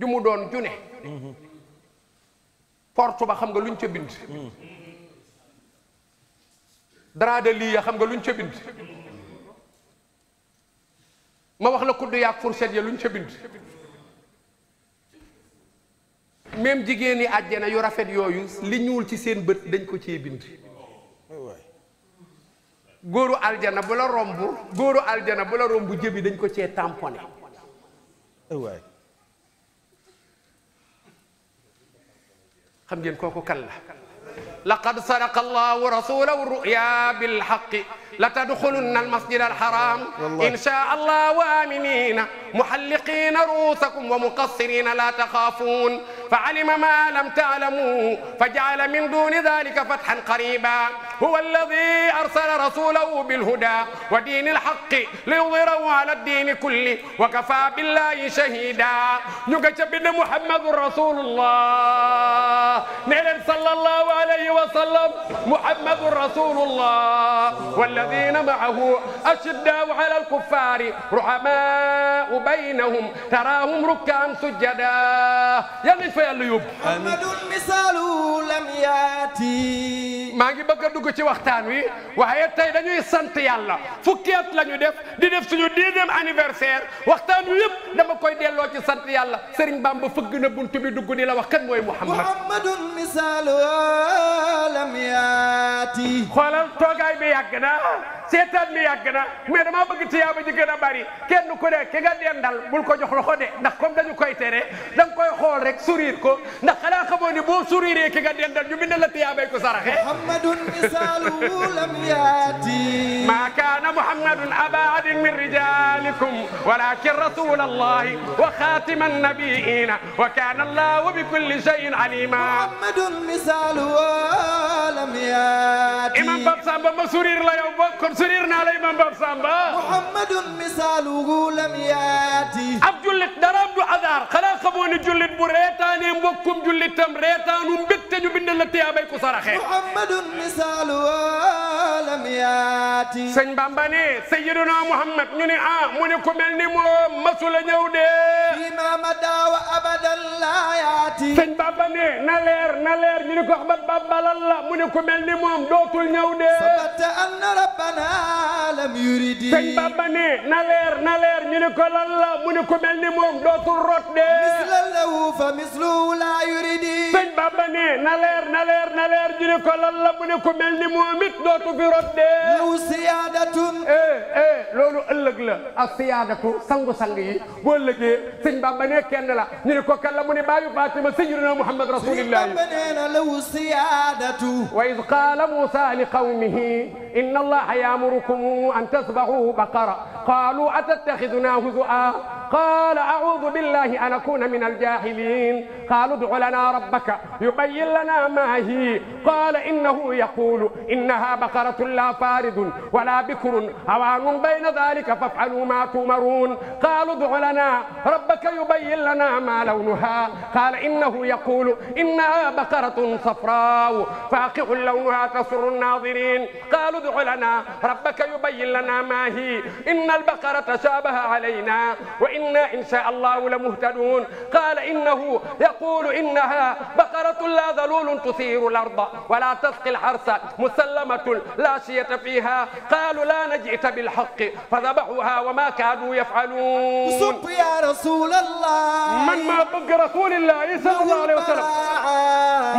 ju mu doon june porte ba xam nga luñ ca bind dara de lii ya xam nga luñ ca bind ma wax la kudd yaag fourchette ya luñ ca bind même jigéen yi àjjana yu rafet yooyu li ñuul ci seen bët dañ ko cee bind góoru aljana bu la romb góoru aljana bu la romb jëbi dañ ko cee tamponné xam ngeen kooku kan la laqad sadaqa allahu rasulahu ruya bilhaqi la tadxulunna almasjida alharam insha allah wa aminina محلقين رؤوسكم ومقصرين لا تخافون فعلم ما لم تعلموا فجعل من دون ذلك فتحا قريبا هو الذي أرسل رسوله بالهدى ودين الحق ليظهره على الدين كله وكفى بالله شهيدا نقش بن محمد رسول الله نعلم صلى الله عليه وسلم محمد رسول الله والذين معه أشداء على الكفار رحماء allahu baynahum taraahum rukkaan sujjada yal nañ fa yàlla yóbbu muhammadun misaalu lam yaati maa ngi bëgg a dugg ci waxtaan wi waaye tey dañuy sant yàlla fukki at la ñu def di def suñu dixième anniversaire waxtaan wi yëpp dama koy delloo ci sant yàlla Serigne Bamba fëgg na buntu bi dugg di la wax kan mooy muhammad muhammadun misaalu lam yaati xoolal toogaay bi yàgg na seetaan bi yàgg na mais dama bëgg tiyaaba ji gën a bari kenn ku ne ki nga yendal bul ko jox loxo de ndax comme dañu koy tere da nga koy xool rek sourire ko ndax xanaa xamoo ni boo sourire ki nga dendal ñu bind la tiyaabay ko saraxe muhammadun misaaluhu lam yaati ma kaana muhammadun aba adin min rijalikum walakin rasul allahi wa xaatima annabiina wa kaana allahu bi kulli shay'in alima muhammadun misaaluhu lam yaati imam bab samba ma sourire la yow bokk kon sourire naa la imam bab samba muhammadun misaaluhu lam yaati ab jullit dara du hasard xanaa xamoo ne jullit bu reetaanee mbokkum jullitam reetaanu mbégte ñu bind la tiyaabay ku saraxee. muhammadun misaalu lam yaati. sëñ Bamba ne sayyiduna Muhammad ñu ne ah mu ne ku mel ni moom masula ñëw de. imaama daawa abadan laa yaati. sëñ Bamba ne na leer na leer ñu ne ko Ahmad Bamba lan la mu ne ku mel ni moom dootul ñëw de. sabata anna rabbana lam yuridi. sëñ Bamba ne na leer na leer ñu ne ko lan yàlla mu ne ku mel ni moom dootul rot dee. mislahu fa misluhu la yuridi. sëñ Bamba ne na leer na leer na leer ñu ne ko lan la mu ne ku mel ni moom it dootu fi rot dee. law siyaadatun. Eh, eh, loolu ëllëg la ak siyaadatu sangu sang yi boo ëllëgee sëñ Bamba ne kenn la ñu ne ko kan la mu ne baayu Fatima sayyidina Muhammad rasulillah. sëñ Bamba nee na law siyaadatu. wa iz qaala Muusaa li qawmihi inna Allaha yaamurukum an tasbahu baqara qaalu atattaxidunaa huzua شيئا قال أعوذ بالله أن أكون من الجاهلين قالوا ادع لنا ربك يبين لنا ما هي قال إنه يقول إنها بقرة لا فارد ولا بكر هوان بين ذلك فافعلوا ما تؤمرون قالوا ادع لنا ربك يبين لنا ما لونها قال إنه يقول إنها بقرة صفراء فاقع لونها تسر الناظرين قالوا ادع لنا ربك يبين لنا ما هي إن البقرة شابه علينا علينا وإنا إن شاء الله لمهتدون قال إنه يقول إنها بقرة لا ذلول تثير الأرض ولا تسقي الحرث مسلمة لا شية فيها قالوا لا نجئت بالحق فذبحوها وما كانوا يفعلون صب يا رسول الله من ما بق رسول الله صلى الله عليه وسلم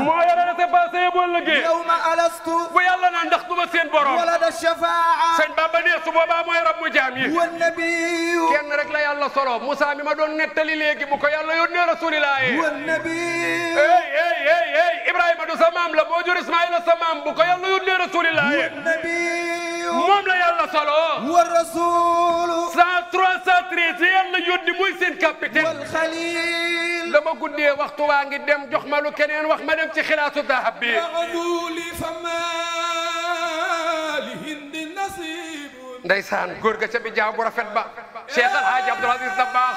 moo yore la sa passé boo liggéey yow ma alastu bu yàlla naan ndax du ma seen borom wala da shafaa sëñ Bamba ne su boobaa mooy rab mu jaam yi wan nabi kenn rek la la yàlla solo Moussa mi ma doon nettali léegi bu ko yàlla yónnee rasulillah yi. a nabi. hey hey hey hey Ibrahima du sa maam la moo jur Ismaïla sa maam bu ko yàlla yónnee rasulillah yi. wan nabi. moom la yàlla solo. wa rasul. cent trois cent treize yàlla yónni muy seen capitaine. wal dama guddee waxtu waa dem jox ma keneen wax ma dem ci xilaasu dahab bi. ndeysaan góor ga ca bi jaaw bu rafet ba. Cheikh El Hadj Abdoul Aziz Dabakh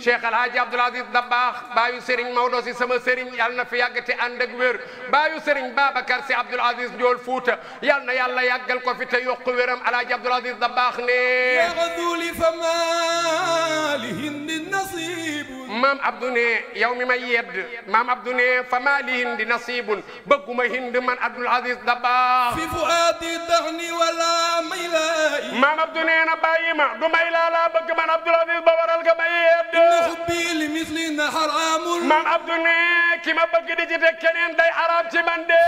Cheikh El Hadj Abdoul Aziz Dabakh baayu Serigne Maodo si sama Serigne yal na fi yàgg te ànd ak wér baayu Serigne Babacar si Abdoul Aziz Ndiol Fouta yal na yàlla yàggal ko fi te yokk wéram El Hadj Abdoul Aziz Dabakh ne. maam Abdou ne yow mi may yedd maam Abdou ne fa maa li hindi nasibun bëgguma hind man Abdoul Aziz Dabakh. maam Abdou nee na bàyyi ma du may laa laa bëgg man Abdou Aziz ba waral nga may yedd maam Abdou nee ki ma bëgg di ci teg keneen day araam ci man de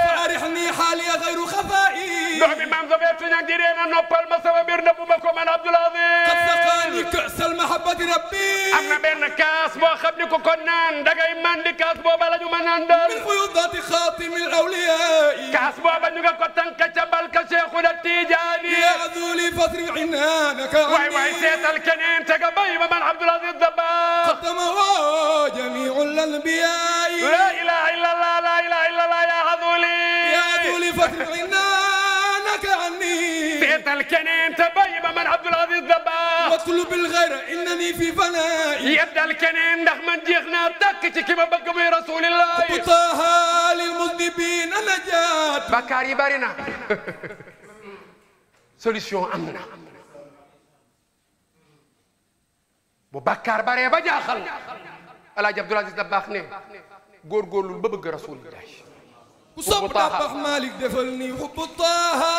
dox bi maam Sofeet Suña ji dee na noppal ma sama biir nëbbu ma ko man Abdou Aziz am na benn kaas boo xam ni ko ko naan dangay mandi kaas booba la ñu ma naan dal kaas booba ñu nga ko tànk ca balka Cheikhuna Tidiane waay waay seetal keneen te ga bay ba man Abdul Aziz Dabakh xatamahu jamiul anbiyaa laa ilaaha illallah laa ilaaha illallah yaa Aduli yaa Aduli fatrif inaanaka anni seetal keneen te bay ba man Abdul Aziz Dabakh watlub al ghayra innani fi fanaa'i yeddal keneen ndax man jeex naa dàkk ci ki ma bëgg muy Rasulillah bakaar yi bari na solution am na bu bàkkaar baree ba jaaxal alaaji Abdul Aziz Dabakh ne góorgóorlu ba bëgg rasulillah ku sopp Dabakh Malick defal ni hubbu taaha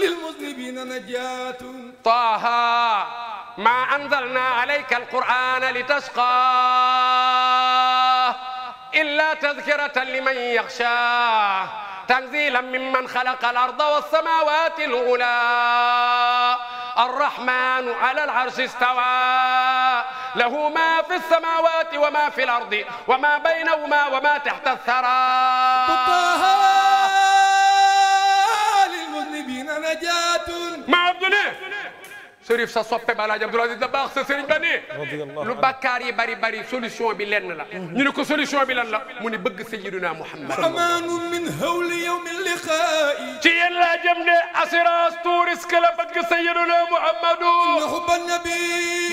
lil muslimina najaatun taaha ma anzalna alayka alqur'ana litashqa illa tadhkiratan liman yakhsha تنزيلا ممن خلق الأرض والسماوات العلى الرحمن على العرش استوى له ما في السماوات وما في الأرض وما بينهما وما تحت الثرى Serif sa soppe ba Alaaji Abdoul Aziz Dabakh sa sëriñ ba nii lu bakkaar yi bari bari solution bi lenn la ñu ne ko solution bi lan la mu ne bëgg sayyiduna Muhammad amaanu min hawli yawmi liqaa'i ci yéen laa jëm ne assurance tout risque la bëgg sayyiduna Muhammadu hubba nabi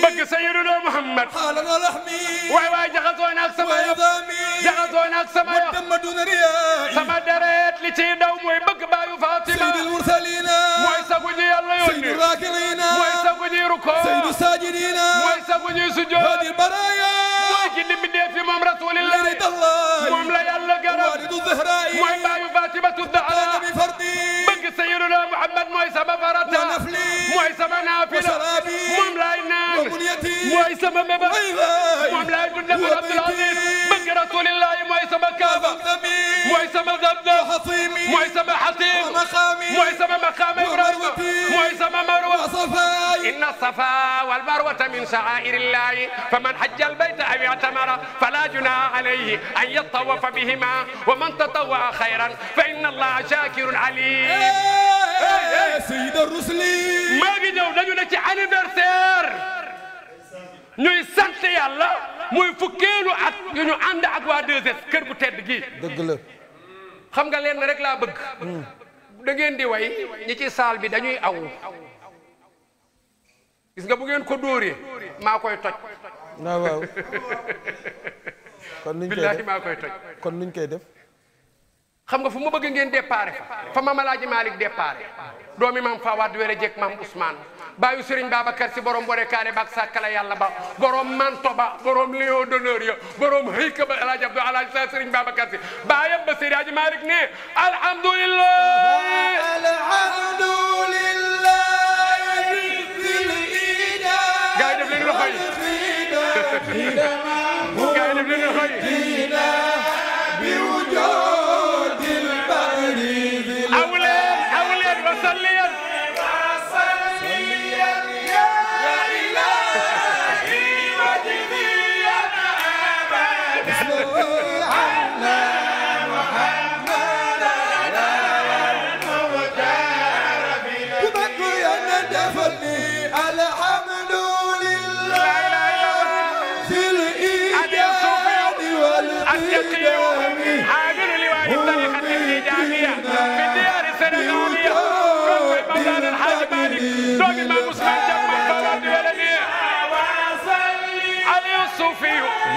bëgg sayyiduna Muhammad xaalana lahmi waay waay jaxasoo naag sama jaxasoo naag sama sama deret li ci ndaw mooy bëgg baayu Fatima sayyidul mursalina mooy sagu ji yàlla yónni mooy sagu ñuy rukkoo mooy sagu ñuy sujjoot jinni mi dee fi moom rasulillahi moom la yàlla garam mooy baayu Fatimatu Zahra bëgg sayyiduna Muhammad mooy sama farata mooy sama naafila moom laay naan mooy sama mébét moom laay dund ak Abdul Aziz bëgg rasulillahi mooy sama kaaba mooy sama dabdab mooy sama xatim mooy sama maqaam Ibrahima mooy sama marwa inna safa wal marwata min sha'airillahi faman hajja al bayta aw ثمرة فلا جناح عليه أن يطوف بهما a تطوع خيرا فإن الله شاكر عليم سيد الرسل maa ngi ñëw dañu ne ci anniversaire ñuy sant yàlla muy fukkeelu at yu ñu ànd ak waa 2S kër gu tedd gi dëgg la xam nga leen rek laa bëgg di way ñi ci saal bi dañuy aw gis nga bu ngeen ko dóoree maa koy toj waaw waaw kon nuñ koy def maa koy toj kon nuñ koy def. xam nga fu ma bëgg ngeen déparé fa fa ma Malaaji Malick déparé doomi maam Fawad were jek maam Ousmane baayu Serigne Babacar yàlla ba borom manto ba borom lion d'honneur ya borom hëyka ba El Hadj Abdou El Hadj sa Serigne Babacar si baayam ba alhamdulillah gaa yi def leen xëy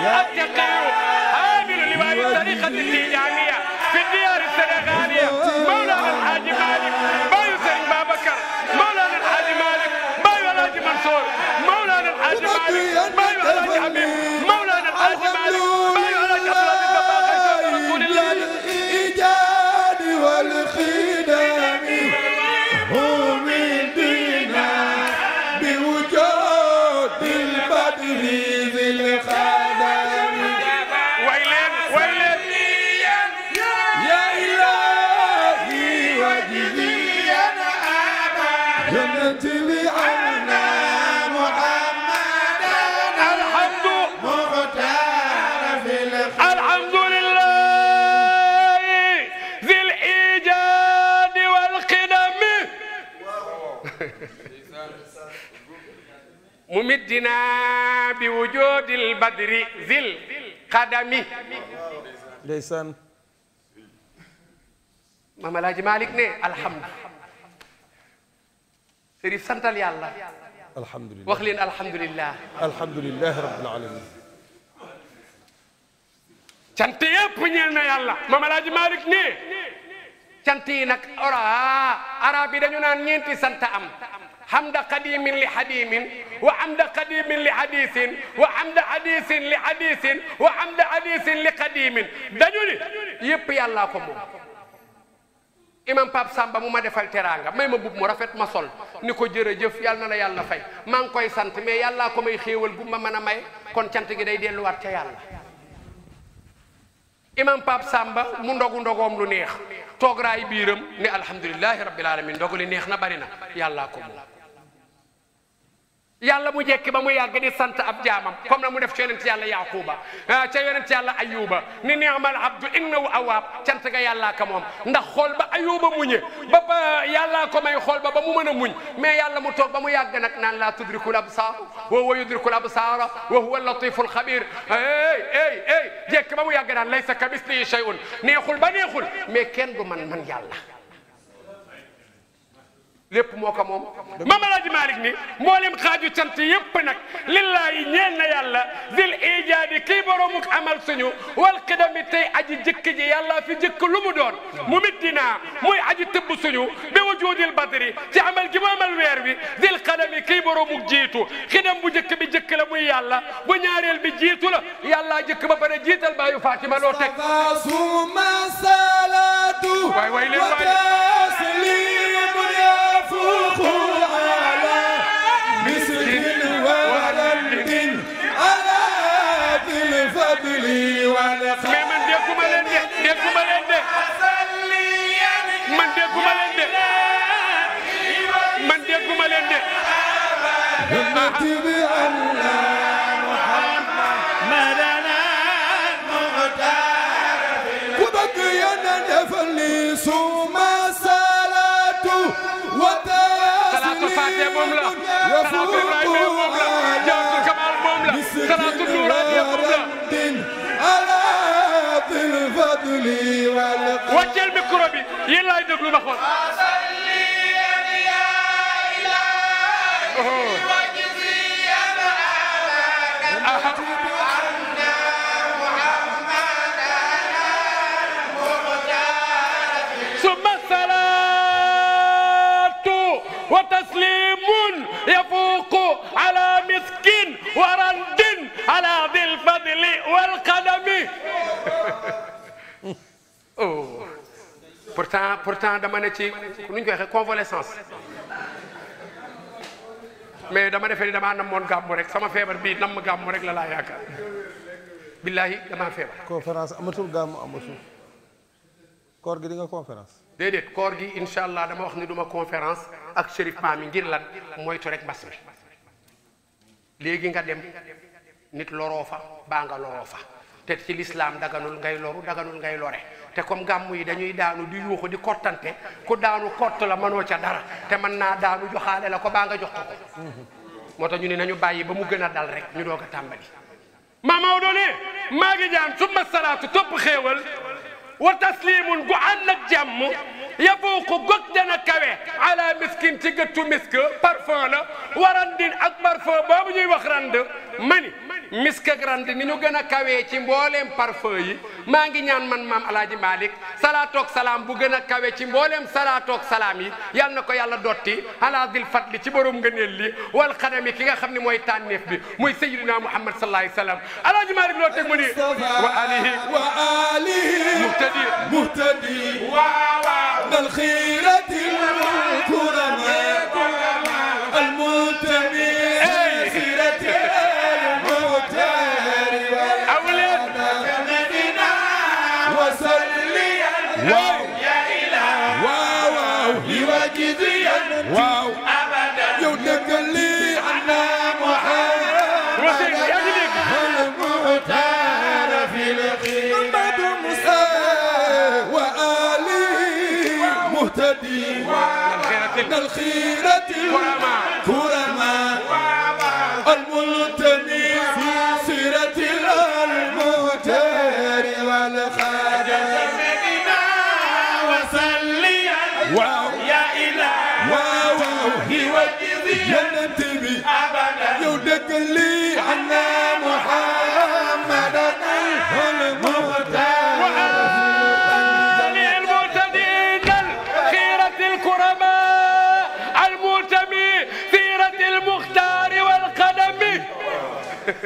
التقاء عامل لواء الطريقة التيجانية في الديار السنغالية مولانا الحاج مالك باي سيد بابكر مولانا الحاج مالك باي الحاج منصور مولانا الحاج مالك باي الحاج حبيب مدنا بوجود البدر ذي القدم ndeysaan Maam Alaaji Malick ne alhamdu sërif santal yàlla alhamdulilah wax leen alhamdulilah alhamdulilah rabbil alamin cant na yàlla Maam Alaaji Malick ne cant ora arab yi dañu naan ñeenti sant am hamda qadimin li hadimin wa amda qadimin li hadisin wa amda hadisin li hadisin wa amda hadisin li qadimin dañu yépp yàllaa ko moom imam Pape Samba mu ma defal teraanga may ma bub mu rafet ma sol ni ko jëf yàlla na la yàlla fay maa ngi koy sant mais yàllaa ko may xéewal gu ma mën a may kon cant gi day delluwaat ca yàlla imam Pape Samba mu ndogu ndogoom lu neex toog raay biiram ne alhamdulilahi rabbil alamin ndogu li neex na bari na yàllaa ko moom yàlla mu jekki ba mu yàgg di sant ab jaamam kom na mu def ci yonent yàlla yaaquba ah, ca yonent yàlla ayuba ni ni'mal abdu innahu awaab cant ga yàllaa ka moom ndax xool ba ayuba muñe ba ba yàllaa ko may xool ba ba mu mën a muñ mais yàlla mu toog ba mu yàgg nag naan laa tudrikul absaar wa huwa yudrikul absaara wa huwa latiful xabiir ey ey ey jekki ba mu yàgg naan laysa ka mislihi shay'un neexul ba neexul mais kenn du man man yàlla lépp moo ko moom Maam Alaaji Maalik ni mboolem xaaju cant yépp nag lillaahi ñeel na yàlla dil ijaadi kii boromuk amal suñu wal xidami tey aji jëkk ji yàlla fi jëkk lu mu doon mu mittinaa muy aji tëbb suñu bi wujudil badri ci amal gi mu amal weer wi dil xadami kii boromuk jiitu xidam bu jëkk bi jëkk la muy yàlla bu ñaareel bi jiitu la yàllaa jëkk ba pare jiital baayu Fatima loo teg waay waay leen waay Nabi Allah moom la Salaatou Ibrahima moom la Jawharatul Kamal moom la Salaatou Nouraniya moom la wàcceel micro bi yéen laay déglu ma xool Summa salaatu wa tasliim pour pourtant dama ne ci nuñ ñu koy waxee convalescence mais dama defee ni damaa namoon gàmmu rek sama feebar bii namm gàmmu rek la laa yaakaar billahi damaa feebar. conférence amatul gàmmu amatul koor gi di nga conférence. déedéet koor gi incha allah dama wax ni duma conférence ak Chérif Maami ngir lan moytu rek mbas mi léegi nga dem nit loroo fa baa nga loroo fa. te ci lislaam daganul ngay loru daganul ngay lore te comme gàmm yi dañuy daanu di yuuxu di kottante ku daanu kott la mënoo ca dara te man naa daanu joxaale la ko baa nga jox ko moo tax ñu ne nañu bàyyi ba mu gën a dal rek ñu doog a tàmbali maamao doone maa ngi ñaan summa salaatu topp xéewal wa taslimun gu ànd ak jàmm yaboo ko gog dana kawe ala miskin ci gëttu misk parfum la warandin ak parfum boobu ñuy wax rand mani miska grande ni ñu gën a kawee ci mbooleem parfum yi maa ngi ñaan man maam alaaji malik salaatoog salaam bu gën a kawe ci mbooleem salaatoog salaam yi yal na ko yàlla dotti ala dil fadli ci borom ngëneel li wal xanami ki nga xam ne mooy tànneef bi muy sayyidina muhammad sallallahu alayhi wa sallam alaaji malik loo teg mu ni wa alihi wa alihi muhtadi muhtadi wa wa dal khirati al kurama al muntami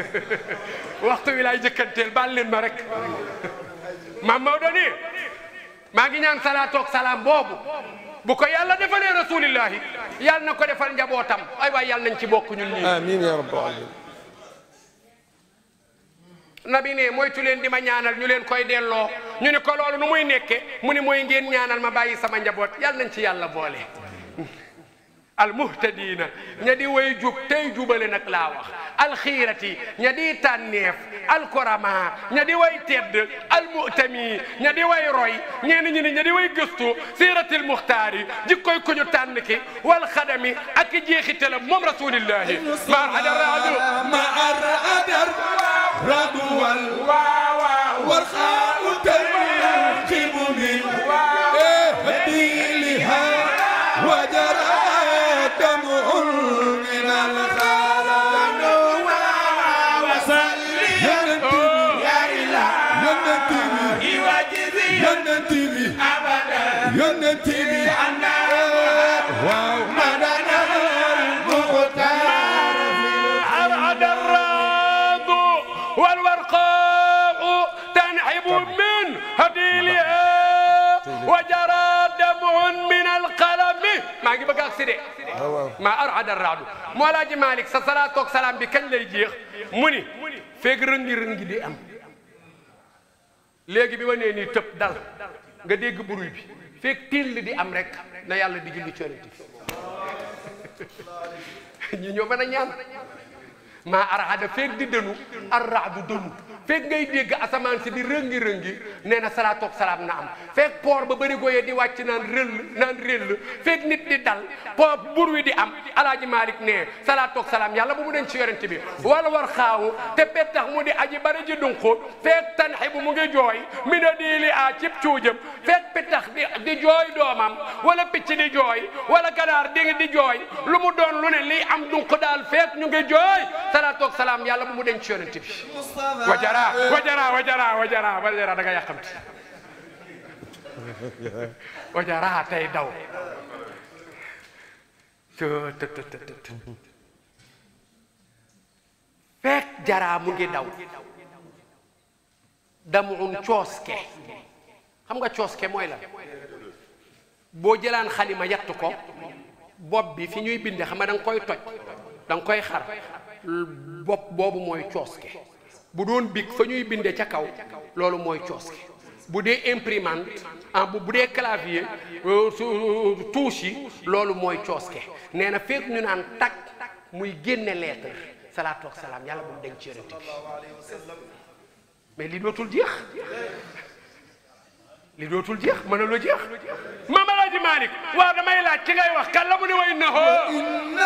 waxtu wi laay jëkkanteel baal leen ma rek maam Maodo nii maa ngi ñaan salaatoog salaam boobu bu ko yàlla defalee rasulillahi yàlla na ko defal njabootam ay waay yàlla nañ ci bokk ñun ñii amiin ya rabbal alamin nabi moytu leen di ma ñaanal ñu leen koy delloo ñu ne ko loolu nu muy nekke mu ne mooy ngeen ñaanal ma bàyyi sama njaboot yàlla nañ ci yàlla boole almuhtadiina ña di way jub tey jubale nag laa wax alxiirati ña di tànneef alkorama ña way tedd almutami ña di way roy ñenn ñi ni ña di way gëstu siiratil muxtaari jikkoy ku ñu wal xadami ak jeexitalam moom rasulillahi maar adar radu maar adar radu wal waawa yonent bi ana waaw madana muxtaar أرعد الراض والورقاء تنحب من هديلها وجرى دمع من القلم maa ngi bëgg a accident. waaw waaw maa arada raadu moo laaji Malick sa salaatu ak salaam bi kañ lay jeex mu ni feeg rëngi-rëngi di am léegi bi ma nee nii tëb dal nga dégg bruit bi fekk till di am rek na yàlla di julli coriti ñu ñoo mën a ñaan maa arada fekk di dënu arraadu dënu fekk ngay dégg asamaan si di rëngi rëngi nee na salaatoog salaam na am fekk poor ba bëri goyee di wàcc naan rëll naan rëll fekk nit di dal poor bur wi di am alaaji Malick nee salaatoog salaam yàlla bu mu den ci yorente bi wala war xaawu te pettax mu di aji bari ji dunqu fekk tanxi bu mu ngi jooy mi na diili a cib cuujam fekk pettax di di jooy doomam wala picc di jooy wala ganaar di di jooy lu mu doon lu ne lii am dunq daal fekk ñu ngi jooy salaatoog salaam yàlla bu mu den ci wajara wajara wajara wajara wajara da nga yàqamti wajara tey daw fekk jaraa mu ngi daw damuun cooske xam nga cooske mooy la boo jëlaan xalima yatt ko bopp bi fi ñuy binde xam nga da koy toj da koy xar bopp boobu mooy cooske bu doon big fa ñuy binde ca kaw loolu mooy coos gi bu dee imprimante ah bu dee clavier euh, euh, touche yi loolu mooy cooske nee na fekk ñu naan tag muy génne lettre salaatu wa salaam yàlla bu mu denc yonent bi mais li dootul jeex li dootul jeex mën na loo jeex Maam Maalik waaw damay laaj ki ngay wax kan la mu ne way na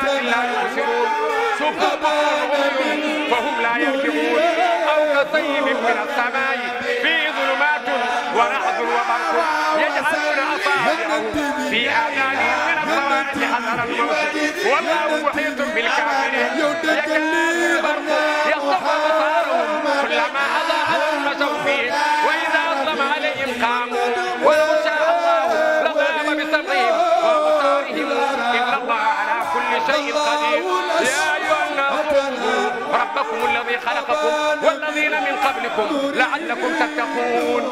يرسمون ثم قوم فهم لا يركبون أو كطيب من السماء فيه ظلمات ورعد وبرق يجعلون أصابعهم في آذانهم من الصواعق حذر الموت والله محيط بالكافرين يكاد البرق يخطف أبصارهم كلما أضاء لهم مشوا فيه وإذا أظلم عليهم قاموا خلقكم والذين من قبلكم لعلكم تتقون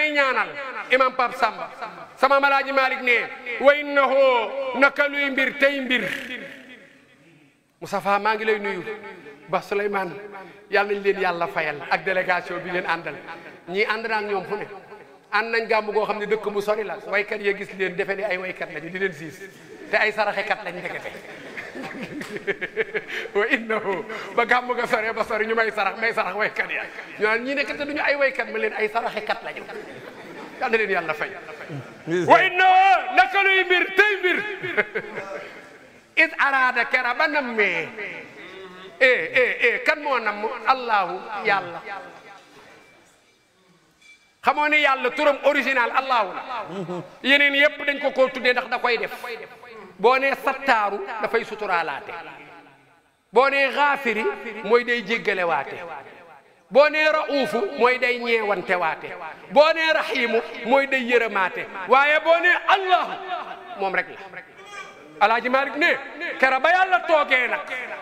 may ñaanal imam Pape Samba sama malaaji Malick ne wa innahu naka luy mbir tey mbir mu Moustapha maa ngi lay nuyu ba Souleymane yàlla nañ leen yàlla fayal ak délégation bi leen àndal ñii ànd naa ñoom fu ne ànd nañ gàmm goo xam ne dëkk mu sori la waykat yee gis leen defe ne ay waykat lañu di leen siis te ay saraxekat lañ ndekete wa innahu ba gàmm sore ba sore ñu may sarax may sarax waykat ya ñu naan ñi nekk te duñu ay waykat ma leen ay saraxekat lañu yal na leen yàlla fay wa innahu naka luy mbir tey mbir is araada kera ba nammee eh eh eh kan moo namm allahu yàlla xamoo ne yàlla turam original allahu la yeneen yépp dañ ko koo tuddee ndax da koy def boo nee sattaaru dafay suturaalaate boo nee xaafiri mooy day jéggalewaate boo nee ra'uufu mooy day ñeewante waate boo nee raxiimu mooy day yërëmaate waaye boo nee allahu moom rek la alaaji malik ne kera ba yàlla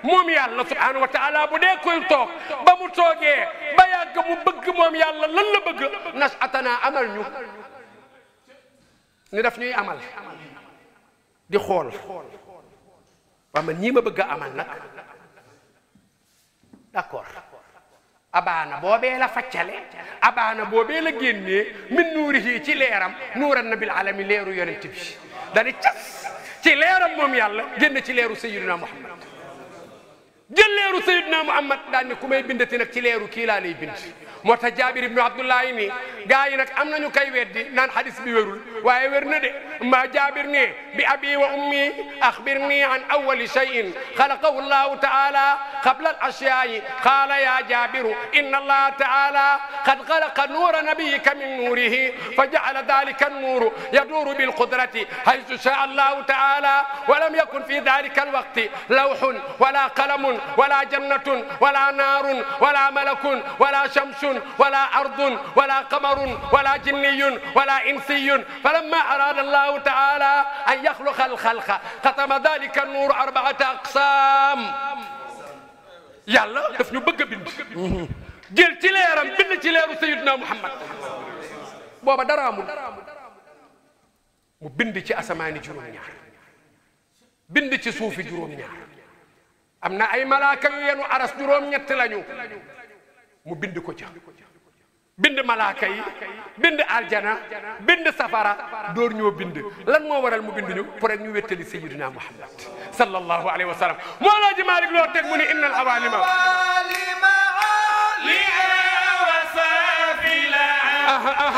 moom yàlla subhaanahu wa taala bu dee koy toog ba mu toogee ba mu bëgg moom yàlla lan la bëgg nas atanaa amal ñu ni daf ñuy amal di xool waa man ñii ma bëgg a amal nag d'accord abaana boobee la faccale abaana boobee la génnee min nuurihi ci leeram nuuran nabil alami leeru yonent bi dani cas ci leeram moom yàlla génn ci leeru sayyidina muhammad jël leeru sayyidina muhammad daan ni ku may bindati nag ci leeru kii laa lay bind moo tax jaabir ibnu abdullahi ni gaa yi nag am nañu kay weddi naan hadis bi wérul waaye wér na de ma jaabir ne bi abi wa ummi axbirni an awali cheyin xalaqahu llahu taala qabla al ashyaa'i qaala ya jaabiru inna allaha taala qad xalaqa nuura nabiyika min nuurihi fa jacala dalika annuuru yaduuru bilqudrati haysu shaa allahu taala wa lam yakun fi dalika alwaqti lawxun wala qalamun wala jannatun wala naarun wala malakun wala shamsun ملائكة ولا أرض ولا قمر ولا جني ولا إنسي فلما أراد الله تعالى أن يخلق الخلق ختم ذلك النور أربعة أقسام yàlla daf ñu bëgg a bind jël ci leeram bind ci leeru sayidna muhammad booba dara amul mu bind ci asamaani juróom-ñaar bind ci suufi juróom-ñaar am na ay malaaka yu yenu aras juróom-ñett lañu mu bind ko ca bind malaaka yi bind aljana bind safara door ñoo bind lan moo waral mu bind ñu pour rek ñu wettali sayyidina muhammad sallallahu alayhi wa sallam moo laa ji Maalik loo teg mu ni innal awalima li wa safila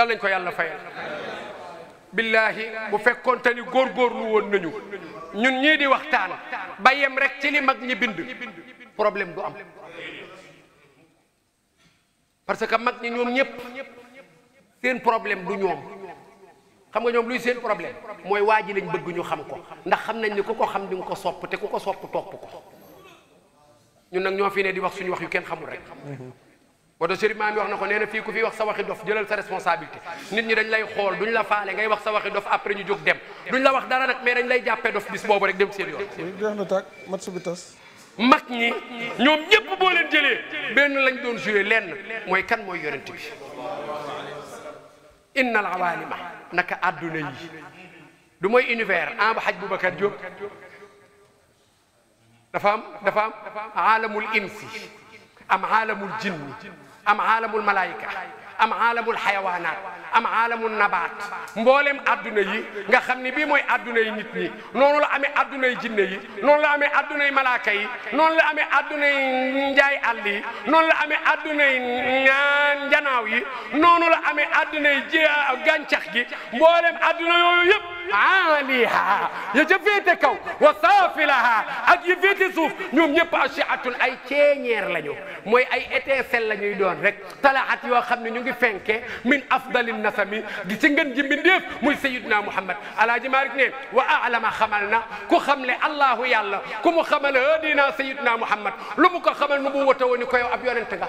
yàlla nañ ko yàlla fayal billaahi bu fekkoonte ni góorgóorlu woon nañu ñun ñii di waxtaan ba yem rek ci li mag ñi bind problème du am parce que mag ñi ñoom ñëpp seen problème du ñoom xam nga ñoom luy seen problème mooy waa ji lañ bëgg ñu xam ko ndax xam nañ ni ku ko xam di nga ko sopp te ku ko sopp topp ko ñun nag ñoo fi ne di wax suñu wax yu kenn xamul rek moo tax sëriñ maam yi wax na ko nee na fii ku fi wax sa waxi dof jëlal sa responsabilité nit ñi dañ lay xool duñ la faale ngay wax sa waxi dof après ñu jóg dem duñ la wax dara nag mais dañ lay jàppee dof bis boobu rek dem seen yoon. jeex na tàkk ñi ñoom ñëpp benn lañ doon joué lenn mooy kan mooy yonent bi innal awaalima naka àdduna yi du mooy univers en ah, ba xaj Boubacar Diop dafa am dafa am aalamul insi am aalamul jinni am aalamul malaayika am aalamul xayawaanaat am aalamu nabaat mboolem adduna yi nga xam ni bii mooy adduna yi nit ñi noonu la amee adduna yi jinne yi noonu la amee adduna yi malaaka yi noonu la amee adduna yi njaay àll noonu la amee adduna yi njanaaw yi noonu la amee adduna yi ji gàncax gi mboolem adduna yooyu yëpp aaliha ya ca kaw wa saafilaha ak yi féete suuf ñoom ñëpp ashiatun ay ceeñeer lañu mooy ay étincelle la ñuy doon rek talaat yoo xam ne ñu fenke min afdalin am nasami di ci ngën ji mbindéef muy sayiduna muhammad alaaji malik ne wa alama xamal na ku xam le allahu yàlla ku mu xamal hadina sayiduna muhammad lu mu ko xamal nu mu wata wooni ko yow ab yonent nga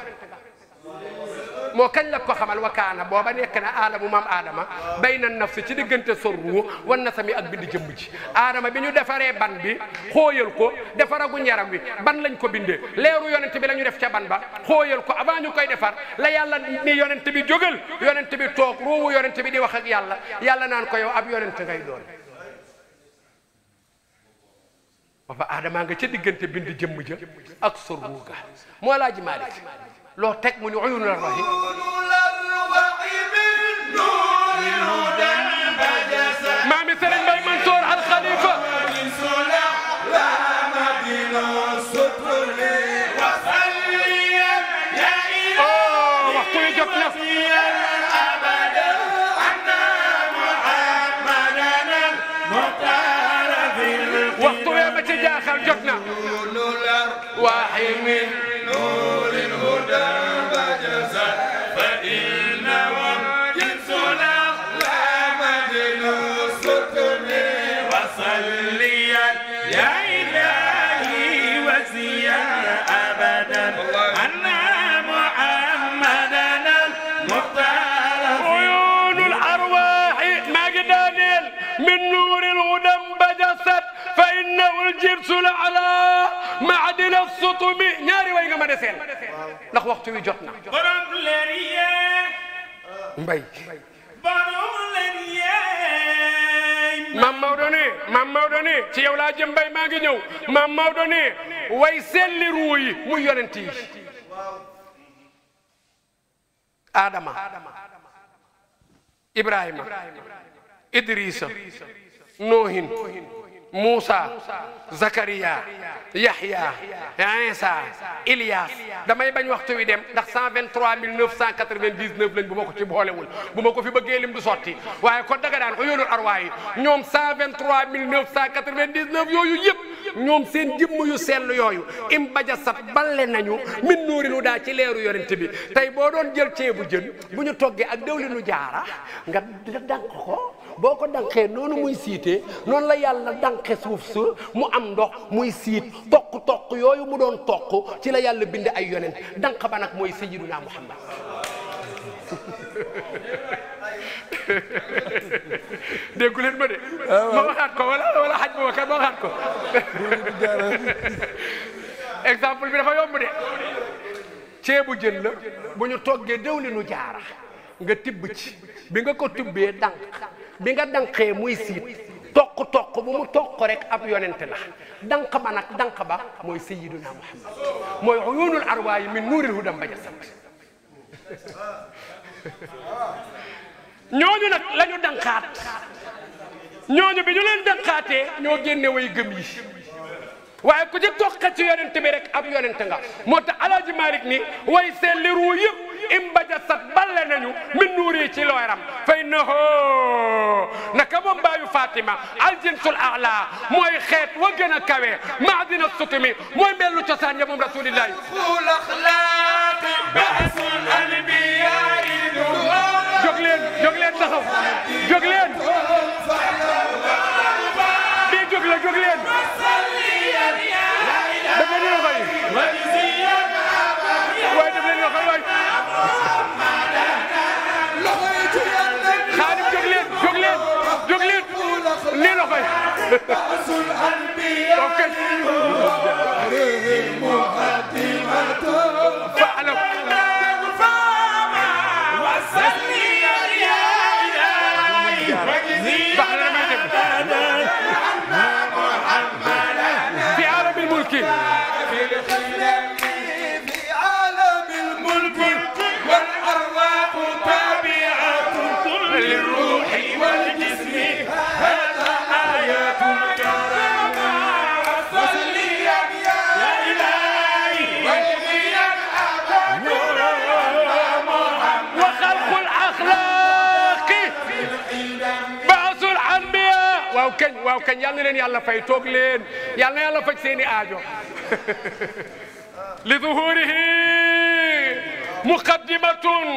moo kañ la ko xamal wakaana booba nekk na aadamu maam aadama bay na naf si ci diggante sor wan na sami ak bind jëmm ji aadama bi ñu defaree ban bi xooyal ko defaraguñ yaram wi ban lañ ko bindee leeru yonent bi la ñu def ca ban ba xooyal ko avant ñu koy defar la yàlla ni yonent bi jógal yonent bi toog ruuwu yonent bi di wax ak yàlla yàlla naan ko yow ab yonent ngay doon booba aadamaa nga ca diggante bind jëmm ja ak sor ruuga moo laaji maalik loo teg mu ni uyunul arwahi ala maadil sutumi ñaari way nga ma deseel ndax waxtu wi jot na borom leen yee mbay ci yow laa jëm maa ngi ñëw maam Maodo way selli ruu yi muy Adama Ibrahima Idrissa Noohin Muusa Zakariya Yahya Insa Ilyas damay bañ waxtu wi dem ndax 123 999 lañ bu ma ko ci boolewul bu ma ko fi bëggee lim du sotti waaye kon daga daan ko yoonul arwaa yi ñoom 123 999 yooyu yëpp ñoom seen jëmm yu sell yooyu im baja sat balle nañu min nuurinu daa ci leeru yonent bi tey boo doon jël ceebu jën bu ñu toggee ak dawlinu jaara nga dànk ko boo ko danqee noonu muy siite noonu la yàlla danqe suuf su mu am ndox muy siit toq toq yooyu mu doon toq ci la yàlla bind ay yonent danq ba nag mooy sayyiduna Muhammad déggu leen ma de ah, ma waxaat ko wala wala xaj ma waxaat ma waxaat ko exemple bi dafa yomb de ceebu jën bu ñu toggee dëwlinu jaara nga tibb ci bi nga ko tibbee dànk bi nga danqee muy siit toq toq bu mu toq rek ab yonente la danq ba nag danq ba mooy sayyiduna muhammad mooy uyunul arwaayi min nuuril hudam ba jasat ñooñu nag la ñu danqaat ñooñu bi ñu leen danqaatee ñoo génne way gëm waaye ku ci toqe ci yonent bi rek ab yonent nga moo tax alaaji Malick ni way seen li ruu yëpp imbajasat balle nañu min nuuri ci looram fay naho naka moom baayu Fatima aljinsul ala mooy xeet wa gën a kawe maadina sutumi mooy mbellu cosaan ya rasulillahi jóg leen jóg leen taxaw jóg leen di jóg la jóg leen la fay rasul anbiya في عالم الملك kañ waaw kañ yal na leen yàlla fay toog leen yal na yàlla faj seeni aajo li zuhurihi muqaddimatun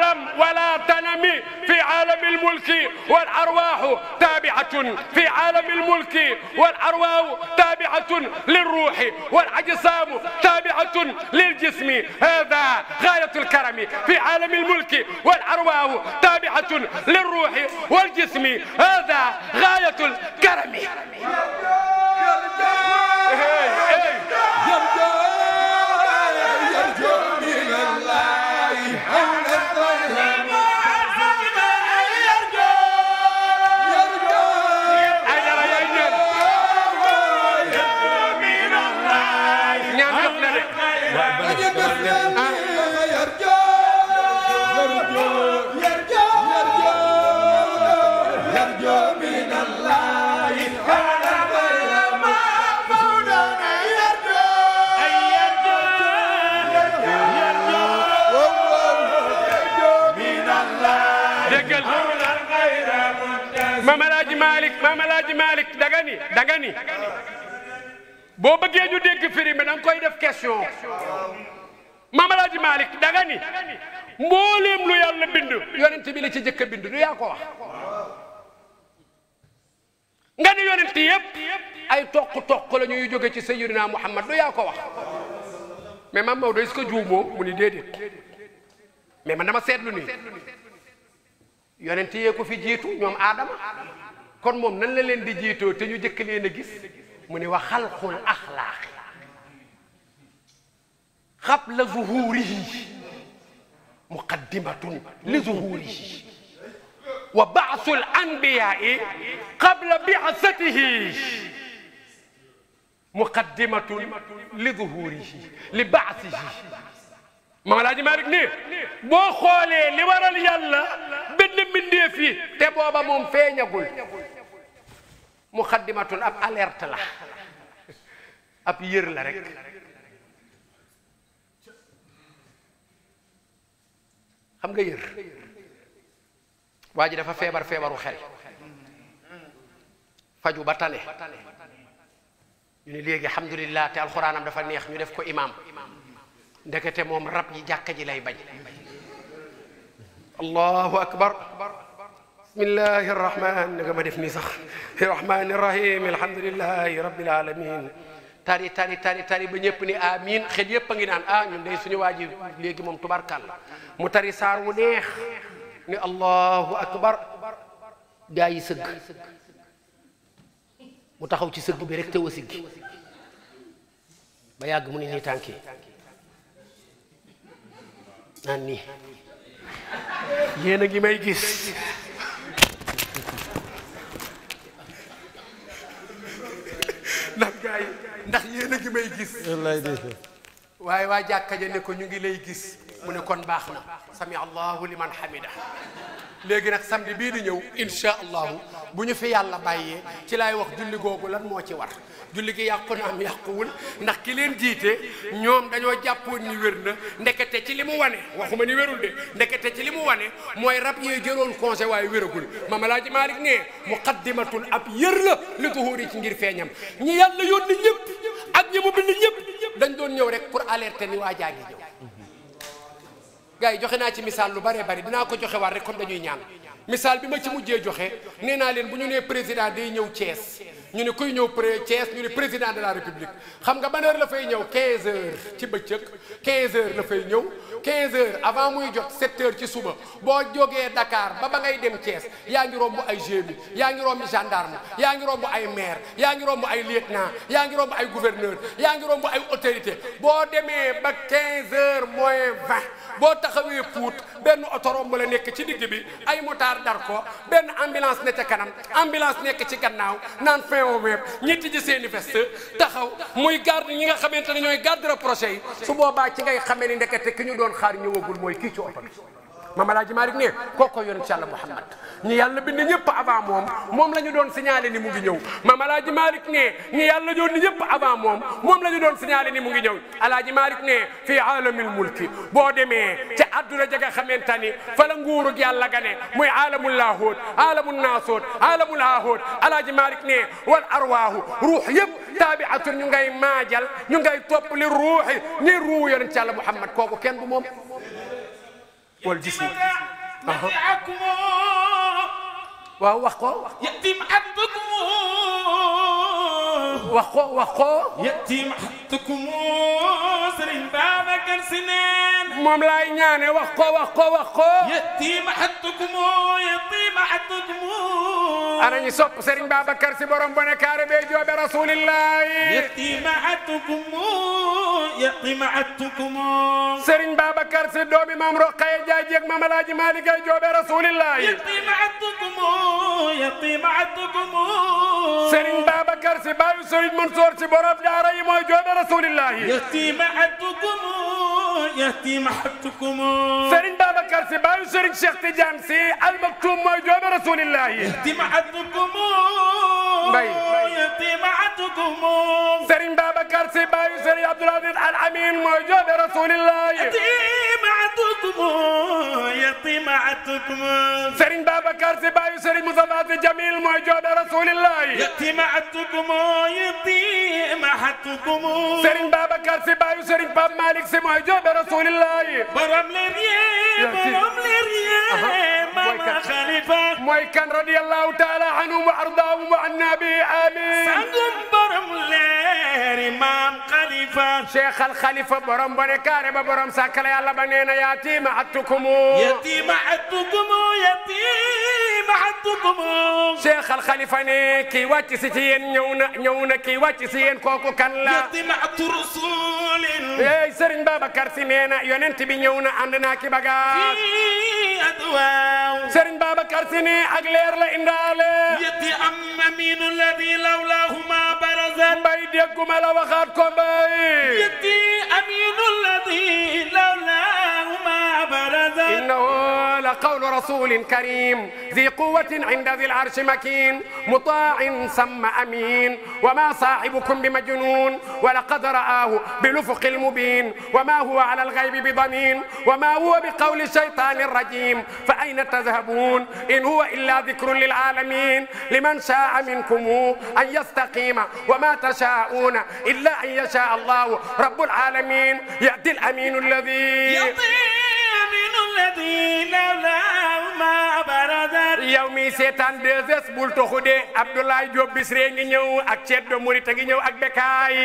تعلم ولا تنمي في عالم الملك والأرواح تابعة في عالم الملك والأرواح تابعة للروح والأجسام تابعة للجسم هذا غاية الكرم في عالم الملك والأرواح تابعة للروح والجسم هذا غاية الكرم Yeah. ni danga ni boo bëggee ñu dégg firi mi koy def question Maam Alaaji Malick danga ni mbooleem lu yàlla bind yonent bi la ci jëkk a du yaa wax nga ni yonent yëpp ay toq-toq la ñuy jóge ci Sayyidina Muhammad du yaa wax mais Maam Maodo est-ce mu ni déedéet mais man dama seetlu ni yonent yee ko fi jiitu ñoom Aadama kon moom nan la leen di jiitoo te ñu jëkk leen gis mu ne wa xalqul axlaaqi xabla zuhurihi muqaddimatun li zuhurihi wa baasul anbiyaai qabla biasatihi muqaddimatun li zuhurihi li baasihi Maam Alaaji Maalik nii boo xoolee li waral yàlla benn mbindeef yi te booba moom feeñagul muxaddimatun ab alerte la ab yér la rek xam nga yër waa ji dafa feebar feebaru xel faju ba tane ñu ne léegi alhamdulilah te alxuraanam dafa neex ñu def ko imaam ndekete moom rab yi jàkka ji lay bañ allahu akbar bismillahi irrahman nga ma def nii sax irrahmani irrahim alhamdulilahi rabbil alamin tari tari tari ba ñëpp ni amin xel yëpp a ngi naan ah ñun day suñu waa ji léegi moom tubarkàlla mu tari saar wu neex ni allahu akbar gaa yi sëgg mu taxaw ci sëgg bi rek te wasiggi ba yàgg mu ni nii tànki naan nii yéen a ngi gis ndax gars ndax yéen a ngi may gis. waaye waa jàkka ja ne ko ñu ngi lay gis. mu ne kon baax na sami allahu liman hamida léegi nag samedi bii di ñëw insha allahu bu ñu fi yàlla bàyyee ci laay wax julli googu lan moo ci war julli gi yàqu na am yàquwul ndax ki leen jiite ñoom dañoo jàppoon ni wér na ndekete ci li mu wane ma ni wérul de ndekete ci li mu wane mooy rab yooyu jëloon conseil waaye wéragul mama laaji Maalik ne muqaddimatul ab yër la li tuhuuri ci ngir feeñam ñi yàlla yónni ñëpp ak ñi mu bind ñëpp dañ doon ñëw rek pour ni waa jaa ngi gaa yi joxe naa ci misaal lu bare bari dinaa ko joxe waat rek comme dañuy ñaan misaal bi ma ci mujjee joxe nee naa leen bu ñu nee président day ñëw cees ñu ne kuy ñëw pré Thiès ñu ne président de la république xam nga ban heure la fay ñëw 15 ci bëccëg 15 heures la fay ñëw 15 avant muy jot 7 heures ci suba boo jógee dakaar ba ba ngay dem Thiès yaa ngi bu ay GMI yaa ngi romb gendarme yaa ngi romb ay maire yaa ngi romb ay lieutenant yaa ngi romb ay gouverneur yaa ngi romb ay autorité boo demee ba 15 heures moins 20 boo taxawee Pout benn oto romb la nekk ci digg bi ay motard dar ko benn ambulance ne ca kanam ambulance nekk ci gannaaw au web ñetti ji seeni veste taxaw muy garde ñi nga xamante ne ñooy garde rapproché yi su boobaa ci ngay xamee ni ndekete ki ñu doon xaar ñëwagul mooy kii ci oto bi maam alaaji Maalik ne kooko yonent yàlla Muhammad ñi yàlla bind ñëpp avant moom moom la ñu doon signalé ni mu ngi ñëw maam alaaji Maalik ne ñi yàlla yónni ñëpp avant moom moom la ñu doon signalé ni mu ngi ñëw alaaji Maalik ne fii aalamil mulki boo demee ca adduna ja nga xamante ni fa la nguurug yàlla ga ne muy aalamul laahoot aalamul naasoot aalamul aahoot alaaji Maalik ne wal arwaahu ruux yëpp taabiatun ñu ngay maajal ñu ngay topp li ruuxi ñi ruu yonent yàlla Muhammad kooku kenn du moom wal jismi waaw wax ko yatim at wax ko wax ko. yettiim xatukumu Serigne Babacar Sy neen. moom laay ñaane wax ko wax ko wax ko. yettiim xatukumu yettiim xatukumu. ana ñi sopp Serigne Babacar Sy borom bone kaare bee joobe rasulillahi. yettiim xatukumu yettiim xatukumu. Serigne Babacar Sy doomi Alaaji Maalik ay joobe rasulillahi. yettiim Serigne Mansour si baayu Serigne Cheikh Tidiane si almaktum mooy joobe rasulillahi yahti mahatukum mbay baayu Serigne Abdoul Aziz Jamil mooy joobe rasulillahi Serigne Babacar Sy baayu Serigne Pape Malick Sy mooy joobe rasulillahi borom leer yee borom leer yee mama Khalifa mooy kan radiyallahu taala anhu wa ardaahu wa anna bi amin sangum borom leer imam Khalifa Cheikh al Khalifa borom bone kaare ba borom sàkkale yàlla ba nee na yatiima attukumu yatiima attukumu yatiima Cheikh Al Khalifa ne kii wàcc si ci yéen ñëw na ñëw na kii wàcc si yéen kooku kan la. ey Serigne Babacar si nee na yonent bi ñëw na ànd naa ki bagaas. Serigne Babacar si ne ak leer la indaale. mbay dégguma la waxaat ko mbay. إنه لقول رسول كريم ذي قوة عند ذي العرش مكين مطاع ثم أمين وما صاحبكم بمجنون ولقد رآه بالأفق المبين وما هو على الغيب بضنين وما هو بقول الشيطان الرجيم فأين تذهبون إن هو إلا ذكر للعالمين لمن شاء منكم أن يستقيم وما تشاءون إلا أن يشاء الله رب العالمين يأتي الأمين الذي يطير yow mi seetaan deses bul toxu de Abdoulaye Diop Bichri ngi ñëw ak ceet do Murit a ngi ñëw ak Bekkaay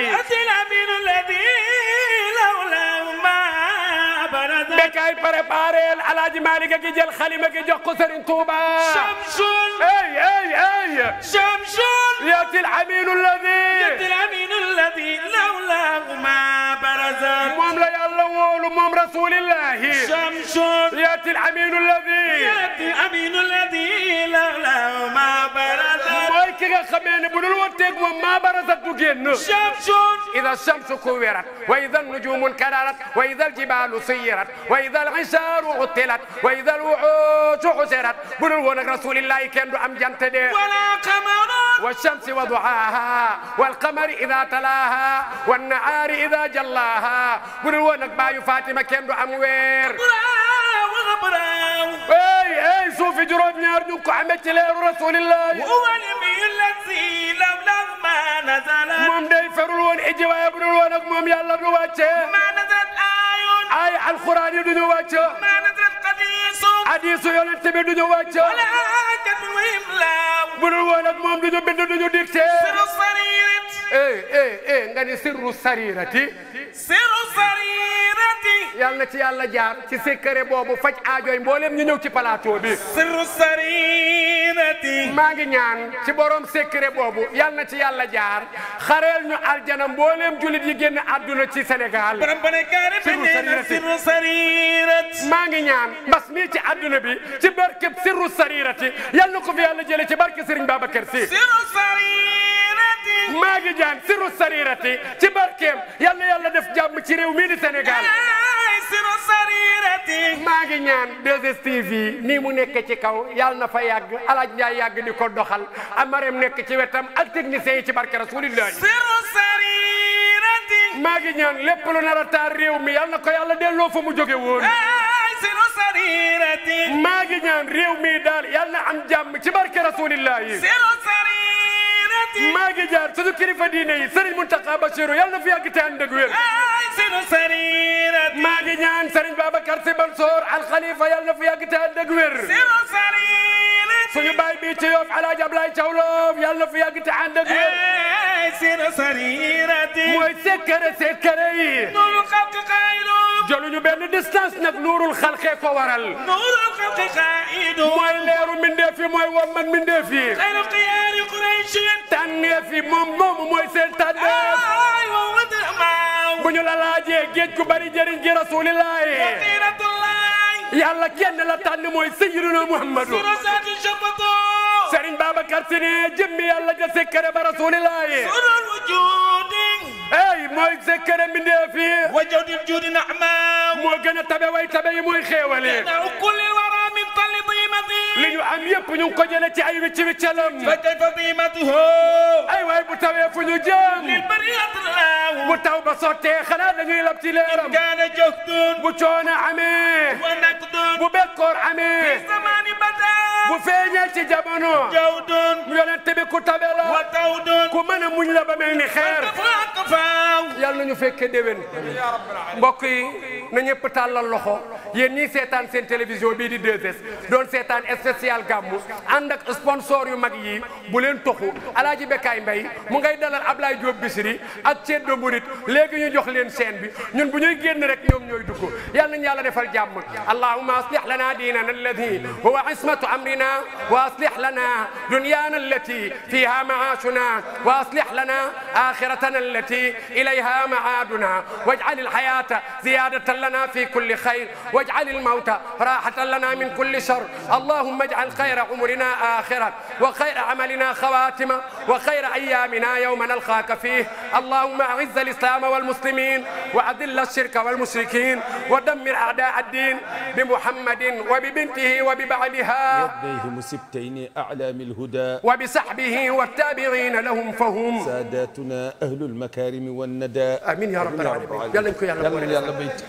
bekkaay prépareel alaaji Malick gi jël xalima gi jox ko Serigne Touba Shamsul ay ay ay Shamsul yati al amin alladi yati al amin alladi lawlahu ma baraza moom la yàlla wóolu moom rasulillahi Shamsul yati al amin alladi yati al amin alladi lawlahu ma baraza mooy ki nga xamee ne bu dul wotteeg moom ma baraza du génn Shamsul ida shamsu kuwirat wa ida nujumu nkadarat wa ida al jibalu si سيرت وإذا العشار عطلت وإذا الوحوش حسرت بلول ونك رسول الله كان دو أم جنت دي ولا قمر والشمس وضحاها والقمر إذا تلاها والنهار إذا جلاها بلول ونك بايو فاطمة كان دو أم وير اي اي سوف جرود نار نكو عمت لير رسول الله هو الذي لم لم ما نزل مم داي فرول وون اجي واي برول وون اك موم يالا دو واتي ما نزل ay alxuraan yi du ñu wàcc hadiisu yonent bi du ñu wàcc bu dul woon ak moom du ñu bind du ñu dicté eh eh eh nga ni sirru sarirati sirru sarirati yal na ci yàlla jaar ci secret boobu faj aajooy mboolem ñu ñëw ci plateau bi sirru sarirati maa ngi ñaan ci borom secret boobu yal na ci yàlla jaar xareel ñu aljana mboolem julit yi génn àdduna ci Sénégal sirru sarirati sirru sarirati maa ngi ñaan mbas mi ci adduna bi ci barke sirru sarirati yal na ko fi yàlla jëlee ci barke Serigne Babacar Sy maa ngi ñaan sirru sarirati ci barkeem yalla na yàlla def jàmm ci réew mii di Sénégal maa ngi ñaan 2STV nii mu nekk ci kaw yal na fa yàgg alaaj Njaay yàgg ni ko doxal a amareem nekk ci wetam ak technicien yi ci barke rasulillahi maa ngi ñaan lépp lu nar a taar réew mi yal na ko yàlla delloo fa mu jóge woon maa ngi ñaan réew mi daal yal na am jàmm ci barke rasulillah yi maa ngi jaar suñu kilifa diine yi Serigne Mountakha Bassirou yal na fi yàgg te ànd ak wér maa ngi ñaan Serigne Babacar Sy Mansour Al Khalifa yal na fi yàgg te ànd ak wér suñu baay bi ci Yoff Alaaji Ablaye Thiaw Lô yal na fi yàgg te ànd ak wér tafsira sarirati mooy sekkare sekkare yi nuurul xalqi xaayidu joluñu benn distance nag nuurul xalqee ko waral nuurul xalqi xaayidu mooy leeru mbindeef yi mooy wamman mbindeef yi xayru xiyaari qurayshin tànneef yi moom moomu mooy seen tànneef bu ñu la laajee géej gu bari jëriñ gi rasulillahi yàlla kenn la tànn mooy sayyiduna muhammadu Serigne Babacar Sy ne jëmmi yàlla ja sekkere ba rasulillahi ey mooy sekkere mbindee fii wa jawdi juudi naxma moo gën a tabe way tabe yi mooy xéewale li ñu am yëpp ñu ngi ko jëlee ci ay wicc wiccalam fa kayfa qiimatuhu ay waay bu tawee fu ñu jëm lil bari atraaw bu taw ba sottee xanaa dañuy lab ci leeram kaana bu coono amee wa naqdun bu bekkoor amee zamani bata bu feeñee ci jamono jawdun yonent bi ku tabe la wa tawdun ku mën a muñ la ba mel ni xeer yàlla nañu fekke déwén mbokk yi na ñëpp tàllal loxo yéen ñii seetaan seen télévision bii di 2S doon seetaan spécial gàmmu ànd yu mag yi bu leen toxu alaaji Bekaay Mbay mu ngay dalal Ablaye Diop Bisiri ak Ceddo Murit léegi ñu jox leen seen bi ñun bu ñuy génn rek ñoom ñooy dugg yàlla nañu yàlla defal jàmm allahumma aslih lana dinana alladi huwa ismatu amrina wa aslih lana dunyana allati fiha maashuna wa aslih lana akhiratana allati ilayha maaduna waj'al alhayata ziyadatan لنا في كل خير واجعل الموت راحة لنا من كل شر اللهم اجعل خير عمرنا آخرة وخير عملنا خواتمة وخير أيامنا يوم نلقاك فيه اللهم أعز الإسلام والمسلمين وأذل الشرك والمشركين ودمر أعداء الدين بمحمد وببنته وببعلها يديه مسبتين أعلام الهدى وبسحبه والتابعين لهم فهم ساداتنا أهل المكارم والندى آمين يا رب العالمين يلا نكو يلا يلا بيت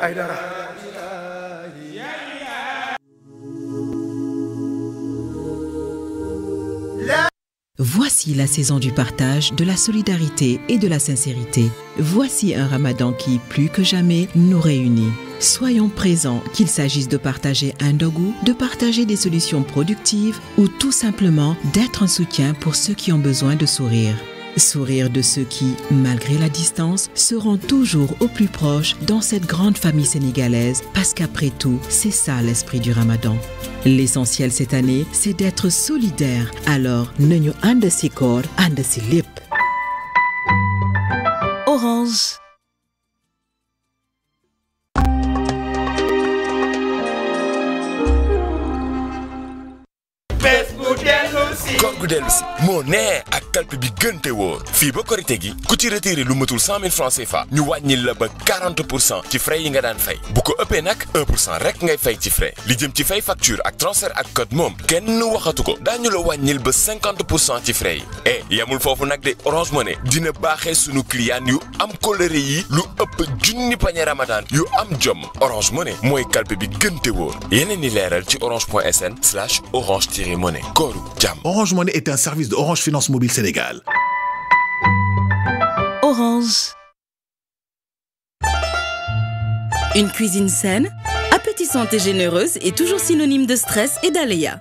ay dara Voici la saison du partage, de la solidarité et de la sincérité. Voici un ramadan qui, plus que jamais, nous réunit. Soyons présents, qu'il s'agisse de partager un dogou, de partager des solutions productives ou tout simplement d'être un soutien pour ceux qui ont besoin de sourire. Sourire de ceux qui, malgré la distance, seront toujours au plus proche dans cette grande famille sénégalaise, parce qu'après tout, c'est l'esprit du ramadan. L'essentiel cette année, c'est d'être solidaire. Alors, ne ñu ànd si koor, ànd si lépp. Orange. koor dell si moo nee ak kalpe bi gënte wóor fii ba korite gi ku ci retiré lu matul 100 000 francs CFA ñu wàññil la ba 40 pour cent ci frais yi nga daan fay bu ko ëppee nag 1 cent rek ngay fay ci frais li jëm ci fay facture ak transfert ak code moom kenn waxatu ko daañu la wàññil ba 50 pour cent ci frais yi eh, yamul foofu nag de Orange Money dina baaxee sunu client yu am kolëre yi lu ëpp junni pañe ramadan yu am jom Orange Money mooy kalpe bi gënte wóor yeneen i leeral ci orange point sn slash orange tiré money kooru jàmm Orange Money est un service de Orange Finance Mobile Sénégal. Orange. Une cuisine saine, appétissante et généreuse est toujours synonyme de stress et d'aléas.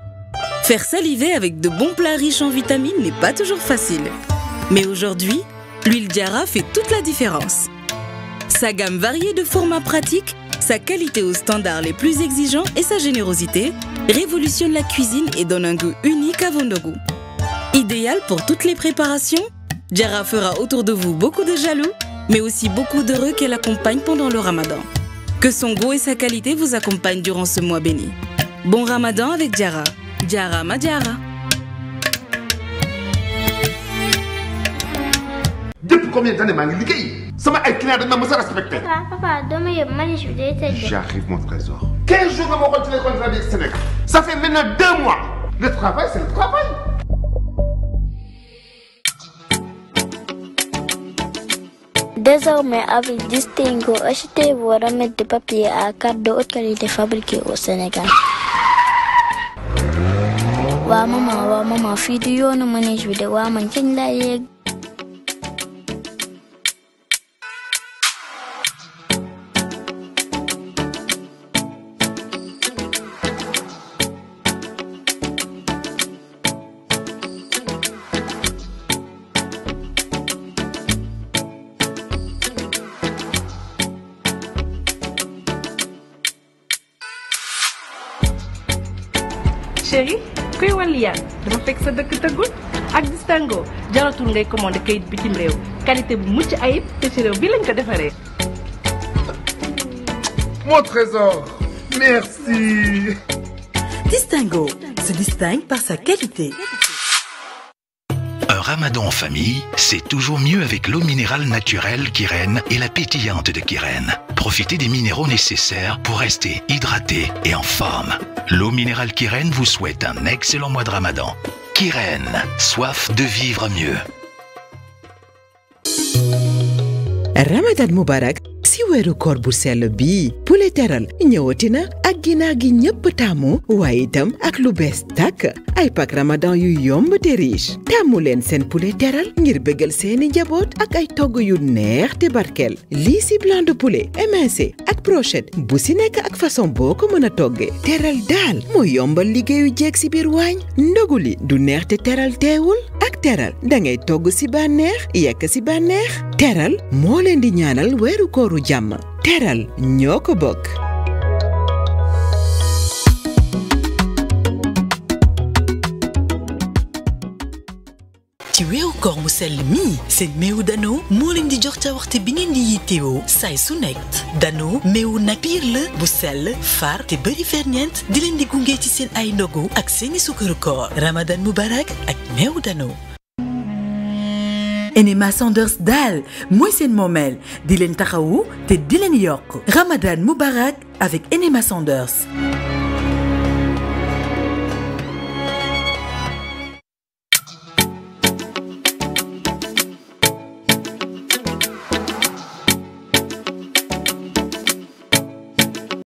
Faire saliver avec de bons plats riches en vitamines n'est pas toujours facile. Mais aujourd'hui, l'huile Diara fait toute la différence. Sa gamme variée de formats pratiques Sa qualité aux standards les plus exigeants et sa générosité révolutionnent la cuisine et donnent un goût unique à Vondogu. Idéal pour toutes les préparations, Jara fera autour de vous beaucoup de jaloux, mais aussi beaucoup d'heureux qu'elle accompagne pendant le ramadan. Que son goût et sa qualité vous accompagnent durant ce mois béni. sama ma mës bi day tëj. j'arrive mon trésor. 15 jours nga ma waxoon ci les contrats bi Sénégal. ça fait maintenant 2 mois. le de papier à carte de haute qualité fabriqués au waa maman waa maman fii di yoonu manège bi de waa man kañ laa chéri kuy wàllu yaan dafa fekk sa dëkk tëggul ak distingo jaratul ngay commande kayit bitim réew qualité bu mucc ayib te ci réew bi lañ ko defaree. mon trésor merci. Distingo se distingue par sa qualité. ramadan en famille, c'est toujours mieux avec l'eau minérale naturelle Kirène et la pétillante de Kirène. Profitez des minéraux nécessaires pour rester hydraté et en forme. L'eau minérale Kirène vous souhaite un excellent mois de ramadan. Kirène, soif de vivre mieux. weeru koor bu sell bii Poulet Teral ñëwati na ak ginaar gi ñëpp taamu waaye itam ak lu bees tàkk ay pak ramadan yu yomb te riche taamu leen seen Poulet Teral ngir bégal seeni njaboot ak ay togg yu neex te barkeel lii si blanc de ak brochette bu si nekk ak façon boo ko mën a toggee teral daal moo yombal liggéeyu jeeg si biir waañ ndogu li du neex te teral teewul ak teral da togg si bànneex yekk si bànneex teral moo leen di ñaanal weeru kooru jàmm jàmm ko bokk. ci weeru koor mu sell mii seen méewu dano moo leen di jox ca waxte bi ngeen di yittewoo saay su nekk dano méewu nag piir la bu sell far te bëri ferñeent di leen di gunge ci seen ay ndogu ak seeni sukkaru koor ramadan mubarak ak méewu dano NMA Sanders daal mooy seen moomeel di leen taxawu te di leen yokk Ramadan Moubarak avec NMA Sanders